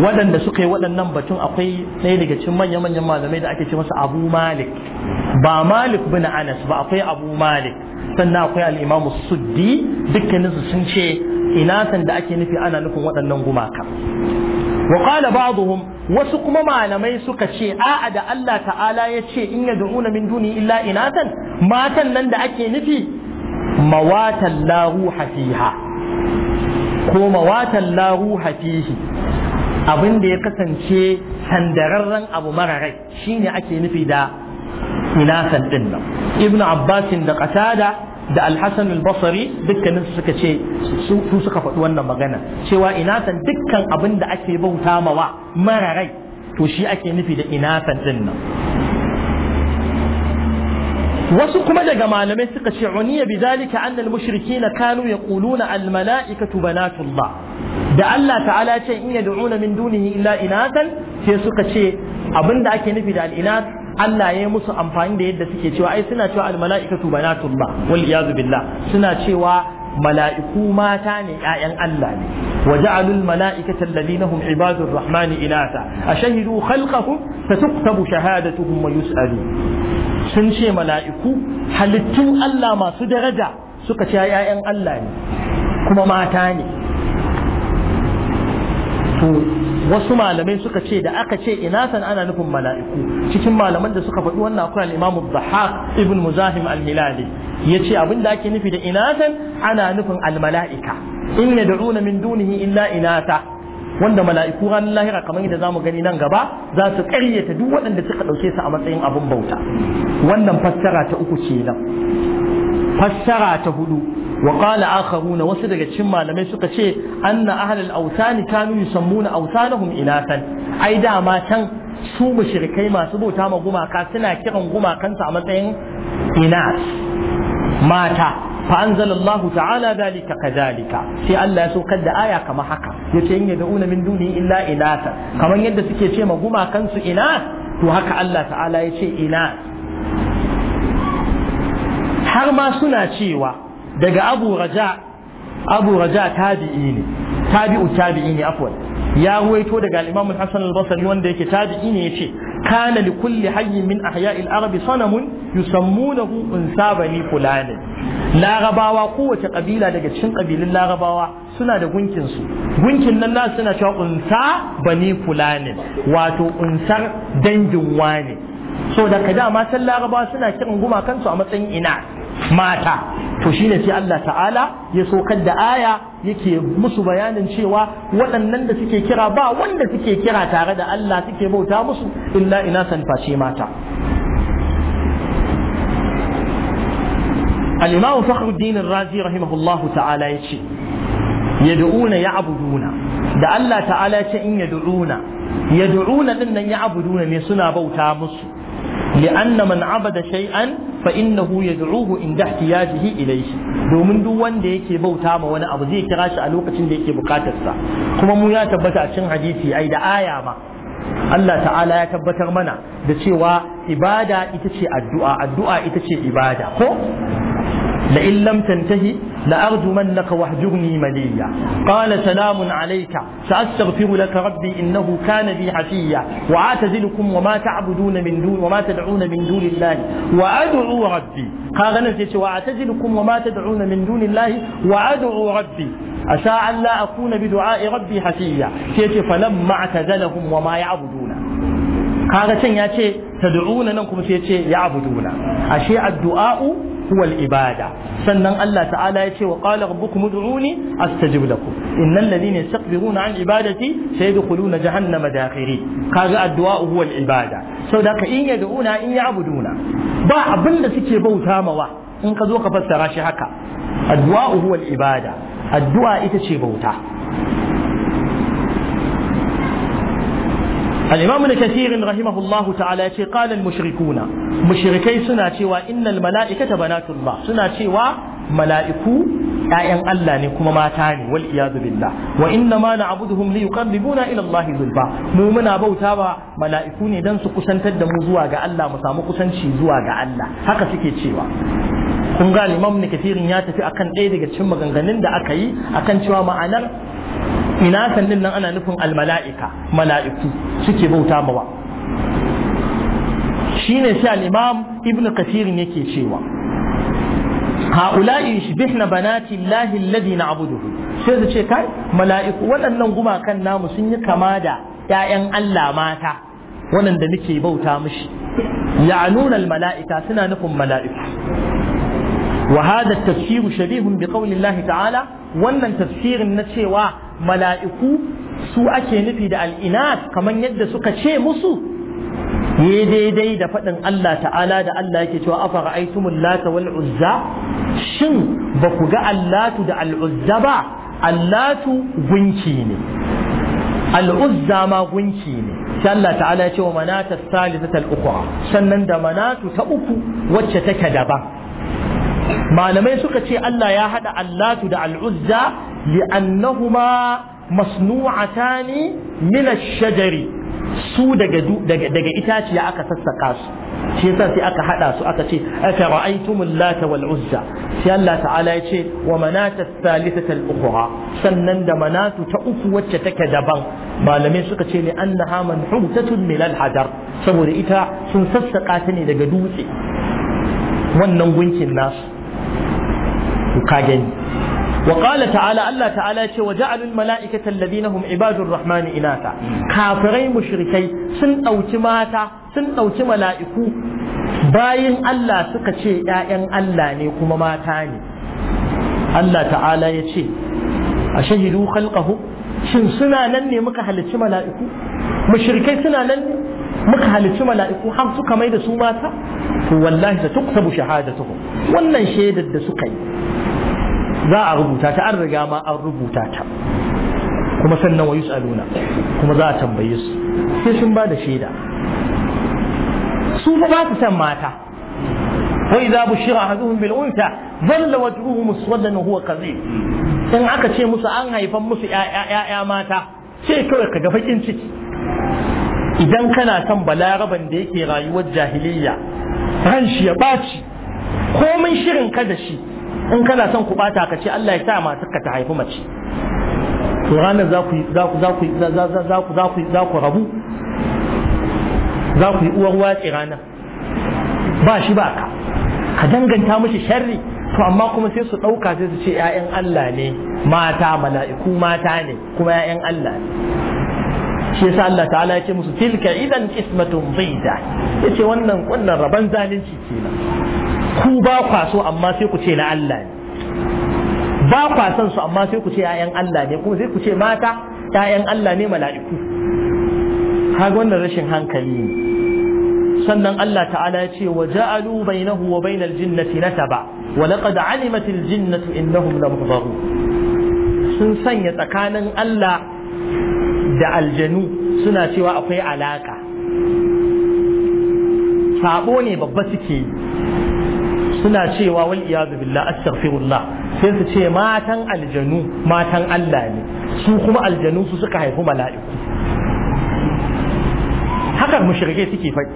waɗanda suka yi waɗannan batun akwai ɗaya daga cikin manya-manyan malamai da ake ce masa abu malik ba malik bin anas ba akwai abu malik sannan akwai al'imamu suddi dukkaninsu sun ce inasan da ake nufi ana nufin waɗannan gumaka wa qala ba'dhum wasu kuma malamai suka ce a'a da Allah ta'ala ya ce in ya da'una min duni illa inatan matan nan da ake nufi mawatan la ruha fiha ko mawatan la ruha fihi abin da ya kasance sandararren abu mara rai shine ake nufi da inatan din nan ibnu abbasin da qatada da alhassan basari dukkanin su suka ce su suka faɗi wannan magana cewa inatan dukkan abin da ake bauta mawa mara rai to shi ake nufi da inatan din nan wasu kuma daga malamai suka ce uniya bi zalika annal mushrikina kanu yaquluna al mala'ikatu banatullah da Allah ta'ala ce in yad'una min dunihi illa inatan sai suka ce abinda ake nufi da al Allah ya musu amfani da yadda suke cewa ai suna cewa al-mala'ikatu banatullah wal iyazu billah suna cewa mala'iku mata ne ƴaƴan Allah ne wa ja'alul mala'ikata alladhina hum ibadur rahmani inata ashhadu khalqahum fatuktabu shahadatuhum wa yus'alu sun ce mala'iku halittun Allah masu daraja suka ce ƴaƴan Allah ne kuma mata ne to wasu malamai suka ce da aka ce inasan ana nufin mala'iku cikin malaman da suka faɗi wannan akwai al-imam ibn muzahim al-milali yace abin da ake nufi da inasan ana nufin al-mala'ika in yad'una min dunihi illa inata wanda mala'iku ran lahira kamar yadda zamu gani nan gaba za su ƙaryata duk waɗanda suka ɗauke su a matsayin abin bauta wannan fassara ta uku kenan fassara ta hudu wa qala akharuna wasu daga cikin malamai suka ce anna ahlul awtani kanu yusammuna awtanahum ilatan ai dama can su mushrikai masu bauta ma gumaka suna kiran gumakansu a matsayin ina mata fa anzalallahu ta'ala dalika kadalika sai Allah ya saukar da aya kamar haka yace in yad'una min duni illa inasa kamar yadda suke ce ma gumakansu ina to haka Allah ta'ala yace ina. har ma suna cewa daga abu raja abu raja tabi'i ne tabi'u tabi'i ne afwan ya ruwaito daga al-imam al-hasan wanda yake tabi'i ne yace kana li kulli hayyin min ahya'il arabi sanamun yusammunahu unsa fulani larabawa kowace kabila daga cikin kabilun larabawa suna da gunkin su gunkin nan nasu suna cewa unsa bani fulani wato unsar dangin wane so da ka san larabawa suna kiran gumakansu a matsayin ina mata to shine sai Allah ta'ala ya saukar da aya yake musu bayanin cewa waɗannan da suke kira ba wanda suke kira tare da Allah suke bauta musu illa ina san face mata al-imam fakhruddin ar-razi rahimahullahu ta'ala yace yad'una ya'buduna da Allah ta'ala yace in yad'una yad'una din nan ya'buduna ne suna bauta musu li'anna man abada shay'an fa innahu yad'uhu inda ihtiyajihi ilayhi domin duk wanda yake bauta ma wani abu zai kira shi a lokacin da yake bukatar sa kuma mu ya tabbata a cikin hadisi ai da aya ma Allah ta'ala ya tabbatar mana da cewa ibada ita ce addu'a addu'a ita ce ibada ko لئن لم تنتهي لأرجمنك واهجرني مليا قال سلام عليك سأستغفر لك ربي إنه كان بي حفيا وأعتزلكم وما تعبدون من دون وما تدعون من دون الله وأدعو ربي قال نفسي وأعتزلكم وما تدعون من دون الله وأدعو ربي عسى أن لا أكون بدعاء ربي حفيا فلما اعتزلهم وما يعبدون kaga can ya ce tad'una nan kuma sai ya ce ya'buduna ashe addu'a'u Uwal ibada sannan Allah ta'ala ya ce wa qala rabbukum ud'uni ne lakum innal ladina yastakbiruna an ibadati sayadkhuluna jahannama dakhiri kaga addu'a huwa al-ibada saboda ka in yad'una in ya'buduna ba abinda suke bauta mawa in ka zo ka fassara shi haka addu'a huwa al-ibada addu'a ita ce bauta al-imam ibn kathir rahimahullahu ta'ala ya ce al-mushrikuna mushrikai suna cewa innal mala'ikata banatullah suna cewa mala'iku ƴaƴan Allah ne kuma mata ne wal iyadu billah wa inna ma na'buduhum li yuqarribuna ila Allah zulfa mu muna bauta ba mala'iku ne dan su kusantar da mu zuwa ga Allah mu samu kusanci zuwa ga Allah haka suke cewa kun ga limam ne ya tafi akan ɗaya daga cikin maganganun da aka yi akan cewa ma'anar Ina sannin nan ana nufin almala'ika mala'iku suke bauta mawa shine sai al-imam ibn kasirin yake cewa ha'ula'i yushbihna banati llahi alladhi na'buduhu sai su ce kai mala'iku waɗannan gumakan namu sun yi kama da 'ya'yan Allah mata waɗanda muke bauta mishi ya'nuna malaika suna nufin mala'iku wa hadha at-tafsir bi qawli ta'ala wannan tafsirin na cewa mala'iku su ake nufi da al'inat kamar yadda suka ce musu ya daidai da faɗin Allah ta'ala da Allah yake cewa afa ra'aytumul lata wal uzza shin ba ku ga allatu da al'uzza ba allatu gunki ne al'uzza ma gunki ne sai Allah ta'ala ya ce wa manata salisata uku sannan da manatu ta uku wacce take daban malamai suka ce Allah ya haɗa allatu da al'uzza li'annahuma masnu'ata min ash-shajari su daga daga itaciya aka sassaka su shi yasa sai aka hada su aka ce aka ra'aytumul lata wal uzza sai Allah ta'ala ya ce wa manata thalithata al ukhra sannan da manatu ta uku wacce take daban malamai suka ce ne annaha manhutatun min al hajar saboda ita sun sassaka ta ne daga dutse wannan gunkin nasu to ka gani wa qala ta'ala Allah ta'ala ce wa ja'al al mala'ikata alladhina hum ibadur rahmani inata kafirai mushrikai sun dauki mata sun dauki mala'iku bayin Allah suka ce ƴaƴan Allah ne kuma mata ne Allah ta'ala ya ce a shahidu khalqahu shin suna nan ne muka halicci mala'iku mushrikai suna nan ne muka halicci mala'iku har suka mai da su mata to wallahi ta tuktabu shahadatuhum wannan shaidar da suka yi za a rubuta ta an riga ma an rubuta ta kuma sannan wa yus'aluna kuma za a tambaye su sai sun ba da shaida su ba su san mata wa idza bushira ahaduhum bil unsa dhalla wajhuhu muswaddan wa huwa kadhib in aka ce musu an haifan musu yaya mata ce kawai ka ga fakin ciki idan kana son balaraban da yake rayuwar jahiliyya ran shi ya ɓaci komai shirin ka da shi in kana son ku bata ka ce Allah ya sa ka ta haifi mace to ranar za ku za ku za ku za ku za ku za ku rabu za ku yi uwar watsi rana ba shi ba ka ka danganta mishi sharri to amma kuma sai su ɗauka sai su ce 'ya'yan Allah ne mata mala'iku mata ne kuma 'ya'yan Allah ne shi yasa Allah ta'ala ya ce musu tilka idan qismatun Ya yace wannan wannan rabon zalunci kenan ku ba kwaso amma sai ku ce na Allah ne ba kwa su amma sai ku ce ‘ya'yan Allah ne kuma sai ku ce mata ‘ya'yan Allah ne mala'iku wannan rashin hankali ne sannan Allah ta'ala ya ce wa ja'alu bainahu wa na jinnati nataba wa laqad alimatil jinnatu na lamuhdharun sun sanya tsakanin Allah da aljanu suna cewa akwai alaƙa. saɓo ne babba suke yi suna cewa wal iyadu billah astaghfirullah sai su ce matan aljanu matan Allah ne su kuma aljanu su suka haifi mala'iku haka mushrike suke faɗi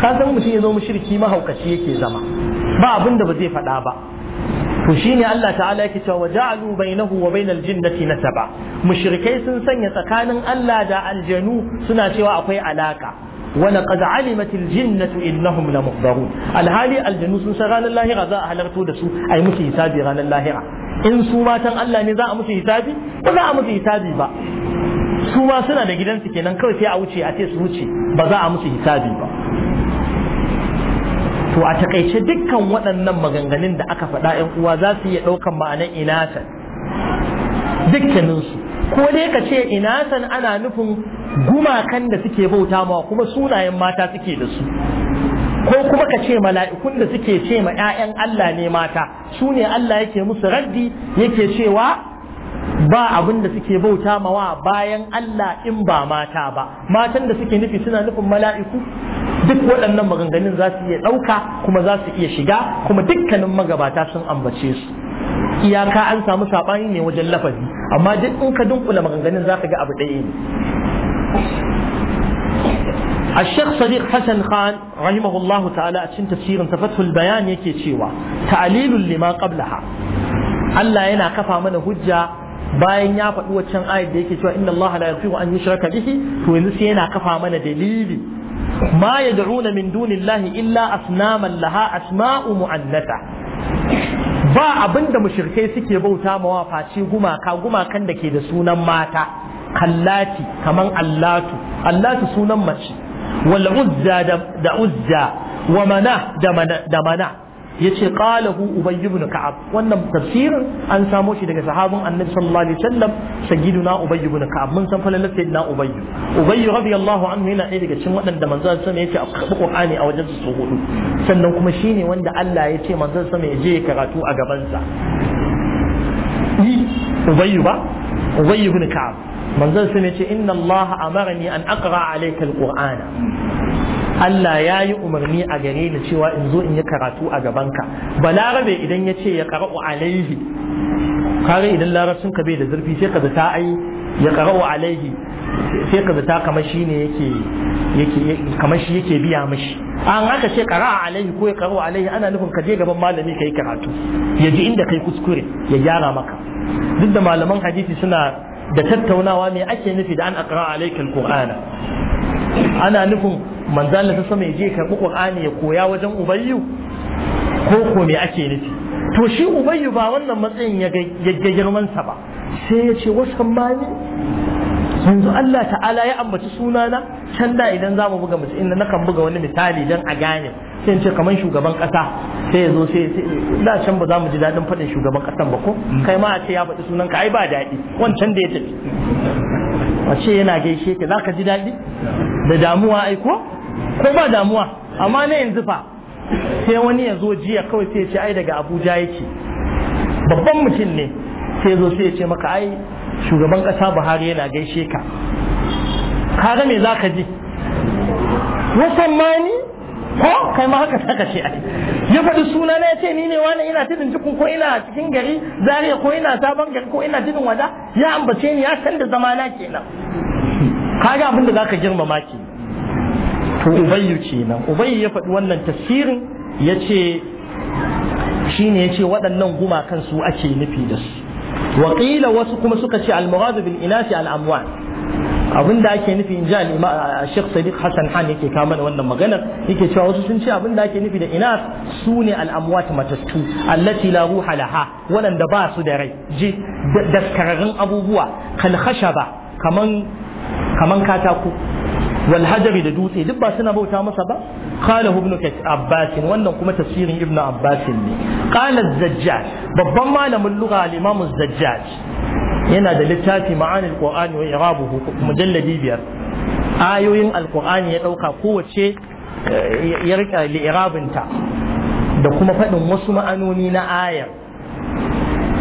ka san mutum ya zo mushriki mahaukaci yake zama ba abin da ba zai faɗa ba to shine Allah ta'ala yake cewa wa ja'alu bainahu wa bainal jinnati nasaba mushrikai sun sanya tsakanin Allah da aljanu suna cewa akwai alaka ولقد علمت الجنة إنهم لمحضرون الهالي الجنة سن سغان الله غزاء هلغتو دسو أي مشي حسابي غان الله غا إن سوما تن الله نزاء مشي حسابي وزاء مشي حسابي با سوما سنة دا جدن سكينا كوي في أوشي أتي سوشي بزاء مشي حسابي با to a takaice dukkan waɗannan maganganun da aka faɗa ‘yan uwa za su iya ɗaukan ma'anar inatan dukkaninsu ko dai ka ce inasan ana nufin gumakan da suke bauta ma kuma sunayen mata suke da su ko kuma ka ce mala'ikun da suke ce ma 'ya'yan Allah ne mata su ne Allah yake musu raddi yake cewa ba abin da suke bauta mawa bayan Allah in ba mata ba matan da suke nufi suna nufin mala'iku duk waɗannan maganganun za su iya ɗauka kuma za su iya shiga kuma dukkanin magabata sun ambace su iyaka an samu saɓani ne wajen lafazi amma duk in ka dunkula maganganun za ka ga abu ɗaya ne الشيخ صديق حسن خان رحمه الله تعالى أتشن تفسير فتح البيان يكي تشيوا تعليل لما قبلها ألا ينا كفى من هجة bayan ya faɗi waccan ayat da yake cewa inna Allah la yaghfiru an yushraka bihi to yanzu sai yana kafa mana dalili ma yad'una min dunillahi illa asnaman laha asma'u mu'annata ba abinda mushrikai suke bauta mawa face gumaka gumakan da ke da sunan mata kallati kaman allatu allatu sunan mace wal uzza da uzza wa mana da mana yace qalahu ubay ibn ka'ab wannan tafsirin an samo shi daga sahabin annabi sallallahu alaihi wasallam sayyiduna ubay ibn ka'ab mun san falalar na ubay ubay radiyallahu anhu yana ɗaya daga cikin waɗanda manzo sallallahu alaihi wasallam yace a qur'ani a wajen su hudu sannan kuma shine wanda Allah ya ce manzo sallallahu alaihi wasallam ya je karatu a gaban sa ubay ka'ab manzon sun ce inna Allah amarni an aqra alayka alqur'ana Allah ya yi umarni a gare ni cewa in zo in yi karatu a gabanka balarabe idan ya ce ya qara'u alaihi kare idan larabcin ka bai da zurfi sai ka zata ai ya qara'u alaihi sai ka zata kamar shi ne yake yake kamar shi yake biya mishi an aka ce qara'a alaihi ko ya qara'u alaihi ana nufin ka je gaban malami kai karatu ya ji inda kai kuskure ya gyara maka duk da malaman hadisi suna da tattaunawa me ake nufi da an aqra alayka alqur'ana ana nufin manzo Allah ta sama je karbi qur'ani ya koya wajen ubayyu ko ko me ake nufi to shi ubayyu ba wannan matsayin ya ga girman sa ba sai ya ce wasan mani yanzu Allah ta'ala ya ambaci sunana can da idan za mu buga mutum inda kan buga wani misali don a gane sai ce kamar shugaban kasa sai ya zo sai da can ba za mu ji daɗin faɗin shugaban kasan ba ko kai ma a ce ya faɗi sunan ka ai ba daɗi wancan da ya tafi a ce yana gaishe ka za ka ji daɗi da damuwa ai ko ko ba damuwa amma na yanzu fa sai wani ya zo jiya kawai sai ya ce ai daga Abuja yake babban mutum ne sai zo sai ya ce maka ai shugaban ƙasa buhari yana gaishe ka kaga me za ka ji wasan mani ko kai ma haka saka ce ai ya faɗi suna na ya ce ni ne wani ina tidin cikin ko ina cikin gari zariya ko ina sabon gari ko ina tidin wada ya ambace ni ya san da zamana kenan kaga abin da zaka girmama ke to ubayyu kenan ubayyu ya faɗi wannan tafsirin ya ce shine ya ce waɗannan gumakan su ake nufi da su wa qila wasu kuma suka ce al muradu bil inasi al amwal abin ake nufi in ji al'ima Sheikh Sadiq Hassan Han yake kawo mana wannan maganar yake cewa wasu sun ce abinda ake nufi da ina su ne al'amwat matattu allati la ruha laha waɗanda ba su da rai ji daskararrun abubuwa kal khashaba kaman kaman katako wal da dutse duk ba suna bauta masa ba qala ibn abbas wannan kuma tafsirin ibnu abbas ne qala zajjaj babban malamin lura al-imam yana da littafi ma'anil qur'ani wa irabuhu mujalladi biyar ayoyin alqur'ani ya ɗauka kowace eh, ya rika li'irabinta da kuma faɗin wasu ma'anoni na ayar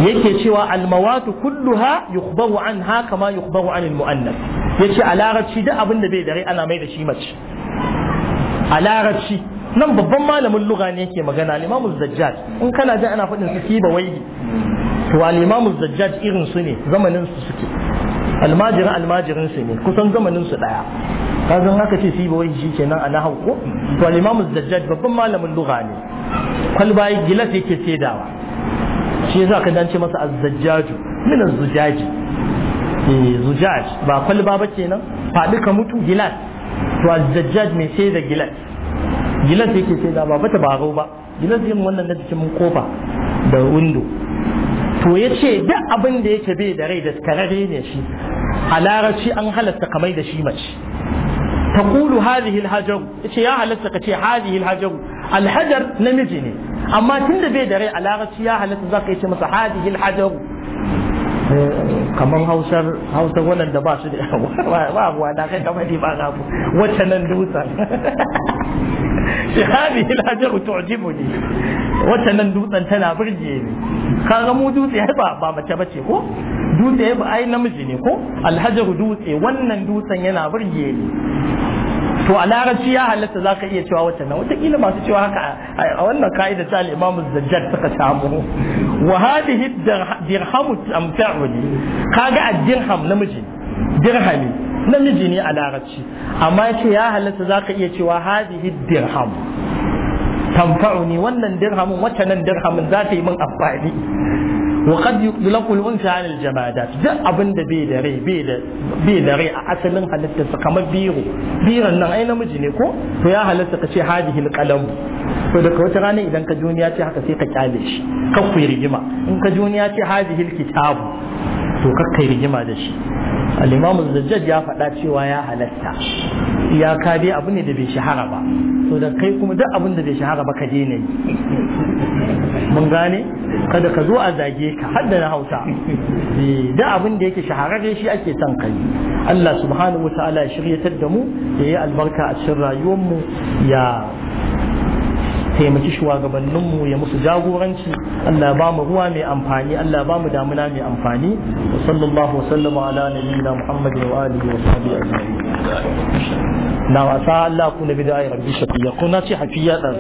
yake cewa almawatu kulluha yukhbaru anha kama yukhbaru anil muannas yace a larabci duk abin da bai da rai ana mai da shi mace a larabci nan babban malamin lugha ne yake magana al zajjaj in kana ji ana faɗin su kiba waidi to al zajjaj irin su ne zamanin su suke almajirin almajirin su ne kusan zamanin su daya zan haka ce siba wai shi kenan a nahau ko to al zajjaj babban malamin lugha ne kwalba gilas yake saidawa shi yasa ka dace masa azzajjaju min azzujaji eh zujaj ba kwalba ba kenan faɗi ka mutu gilas to azzajjaj mai sai da gilas gilas yake sai da ba bata barau ba gilas yin wannan na cikin kofa da windo to ya ce duk abin da yake bai da rai da karare ne shi a larabci an halatta kamar da shi mace تقول هذه الهجر ya يا هل تكتي هذه الهجر الحجر namiji ne amma tun da bai da rai a larabci ya halatta za ka yi ce masa hadihi hajar. Eh, kamar hausar hausar wannan da ba su da ba ruwa da kai kamar ba ga ku wacce nan dutsen shi hadihi alhajaru tu'jibu ne wacce nan dutsen tana burge ni kaga mu dutse ba ba mace bace ko dutse ba ai namiji ne ko alhajar dutse wannan dutsen yana birge ni to a larabci ya halatta za ka iya cewa wata na wataƙila masu cewa haka a wannan ka'ida ta al'imamu zajjar suka samu wa hadihi dirhamu Ka kaga a dirham namiji dirhami namiji ne a larabci amma ce ya halatta za ka iya cewa hadihi dirham tanfa'uni wannan dirhamin wacce nan dirhamin za ta yi min amfani wa qad yutlaqu al-unsa 'ala al-jamadat duk abin da bai da rai bai da bai da rai a asalin halittarsa kamar biro biron nan ai namiji ne ko to ya halatta ka ce hadihi al-qalam to daga wata rana idan ka juniya ce haka sai ka kyale shi ka ku rigima in ka juniya ce hadihi al-kitab to kakkai rigima da shi al'imamu zajjaj ya faɗa cewa ya halatta iyaka dai abu ne da bai shahara ba to da kai kuma duk abin da bai shahara ba ka daina yi mun gane kada ka zo a zage ka hadda na hausa eh, duk abin da yake shahararre shi ake son kai Allah subhanahu wa ta'ala ya shiryatar da mu ya yi albarka a cikin rayuwar mu ya taimaki shugabanninmu ya musu jagoranci Allah ba mu ruwa mai amfani Allah ba mu damuna mai amfani wa sallallahu ala muhammadin wa alihi wa sahbihi ajma'in na wasa Allah ku nabi da ayi rabbi shafiya ko na ce hafiya dan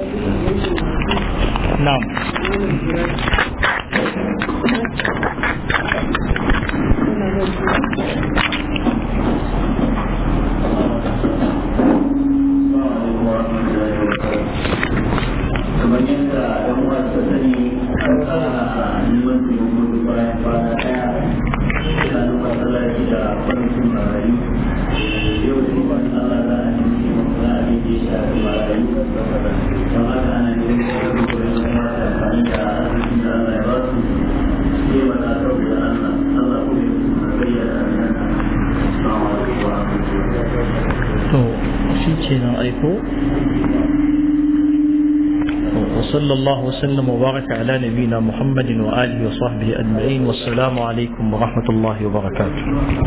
na'am Thank you. kamar yadda yan uwa ta sani an fara neman taimakon da bayan kwana da yau da Allah za a nemi ana neman da amfani da da Allah ya ba su ba Allah Allah bayyana to shi kenan aiko وصلى الله وسلم وبارك على نبينا محمد وآله وصحبه أجمعين والسلام عليكم ورحمة الله وبركاته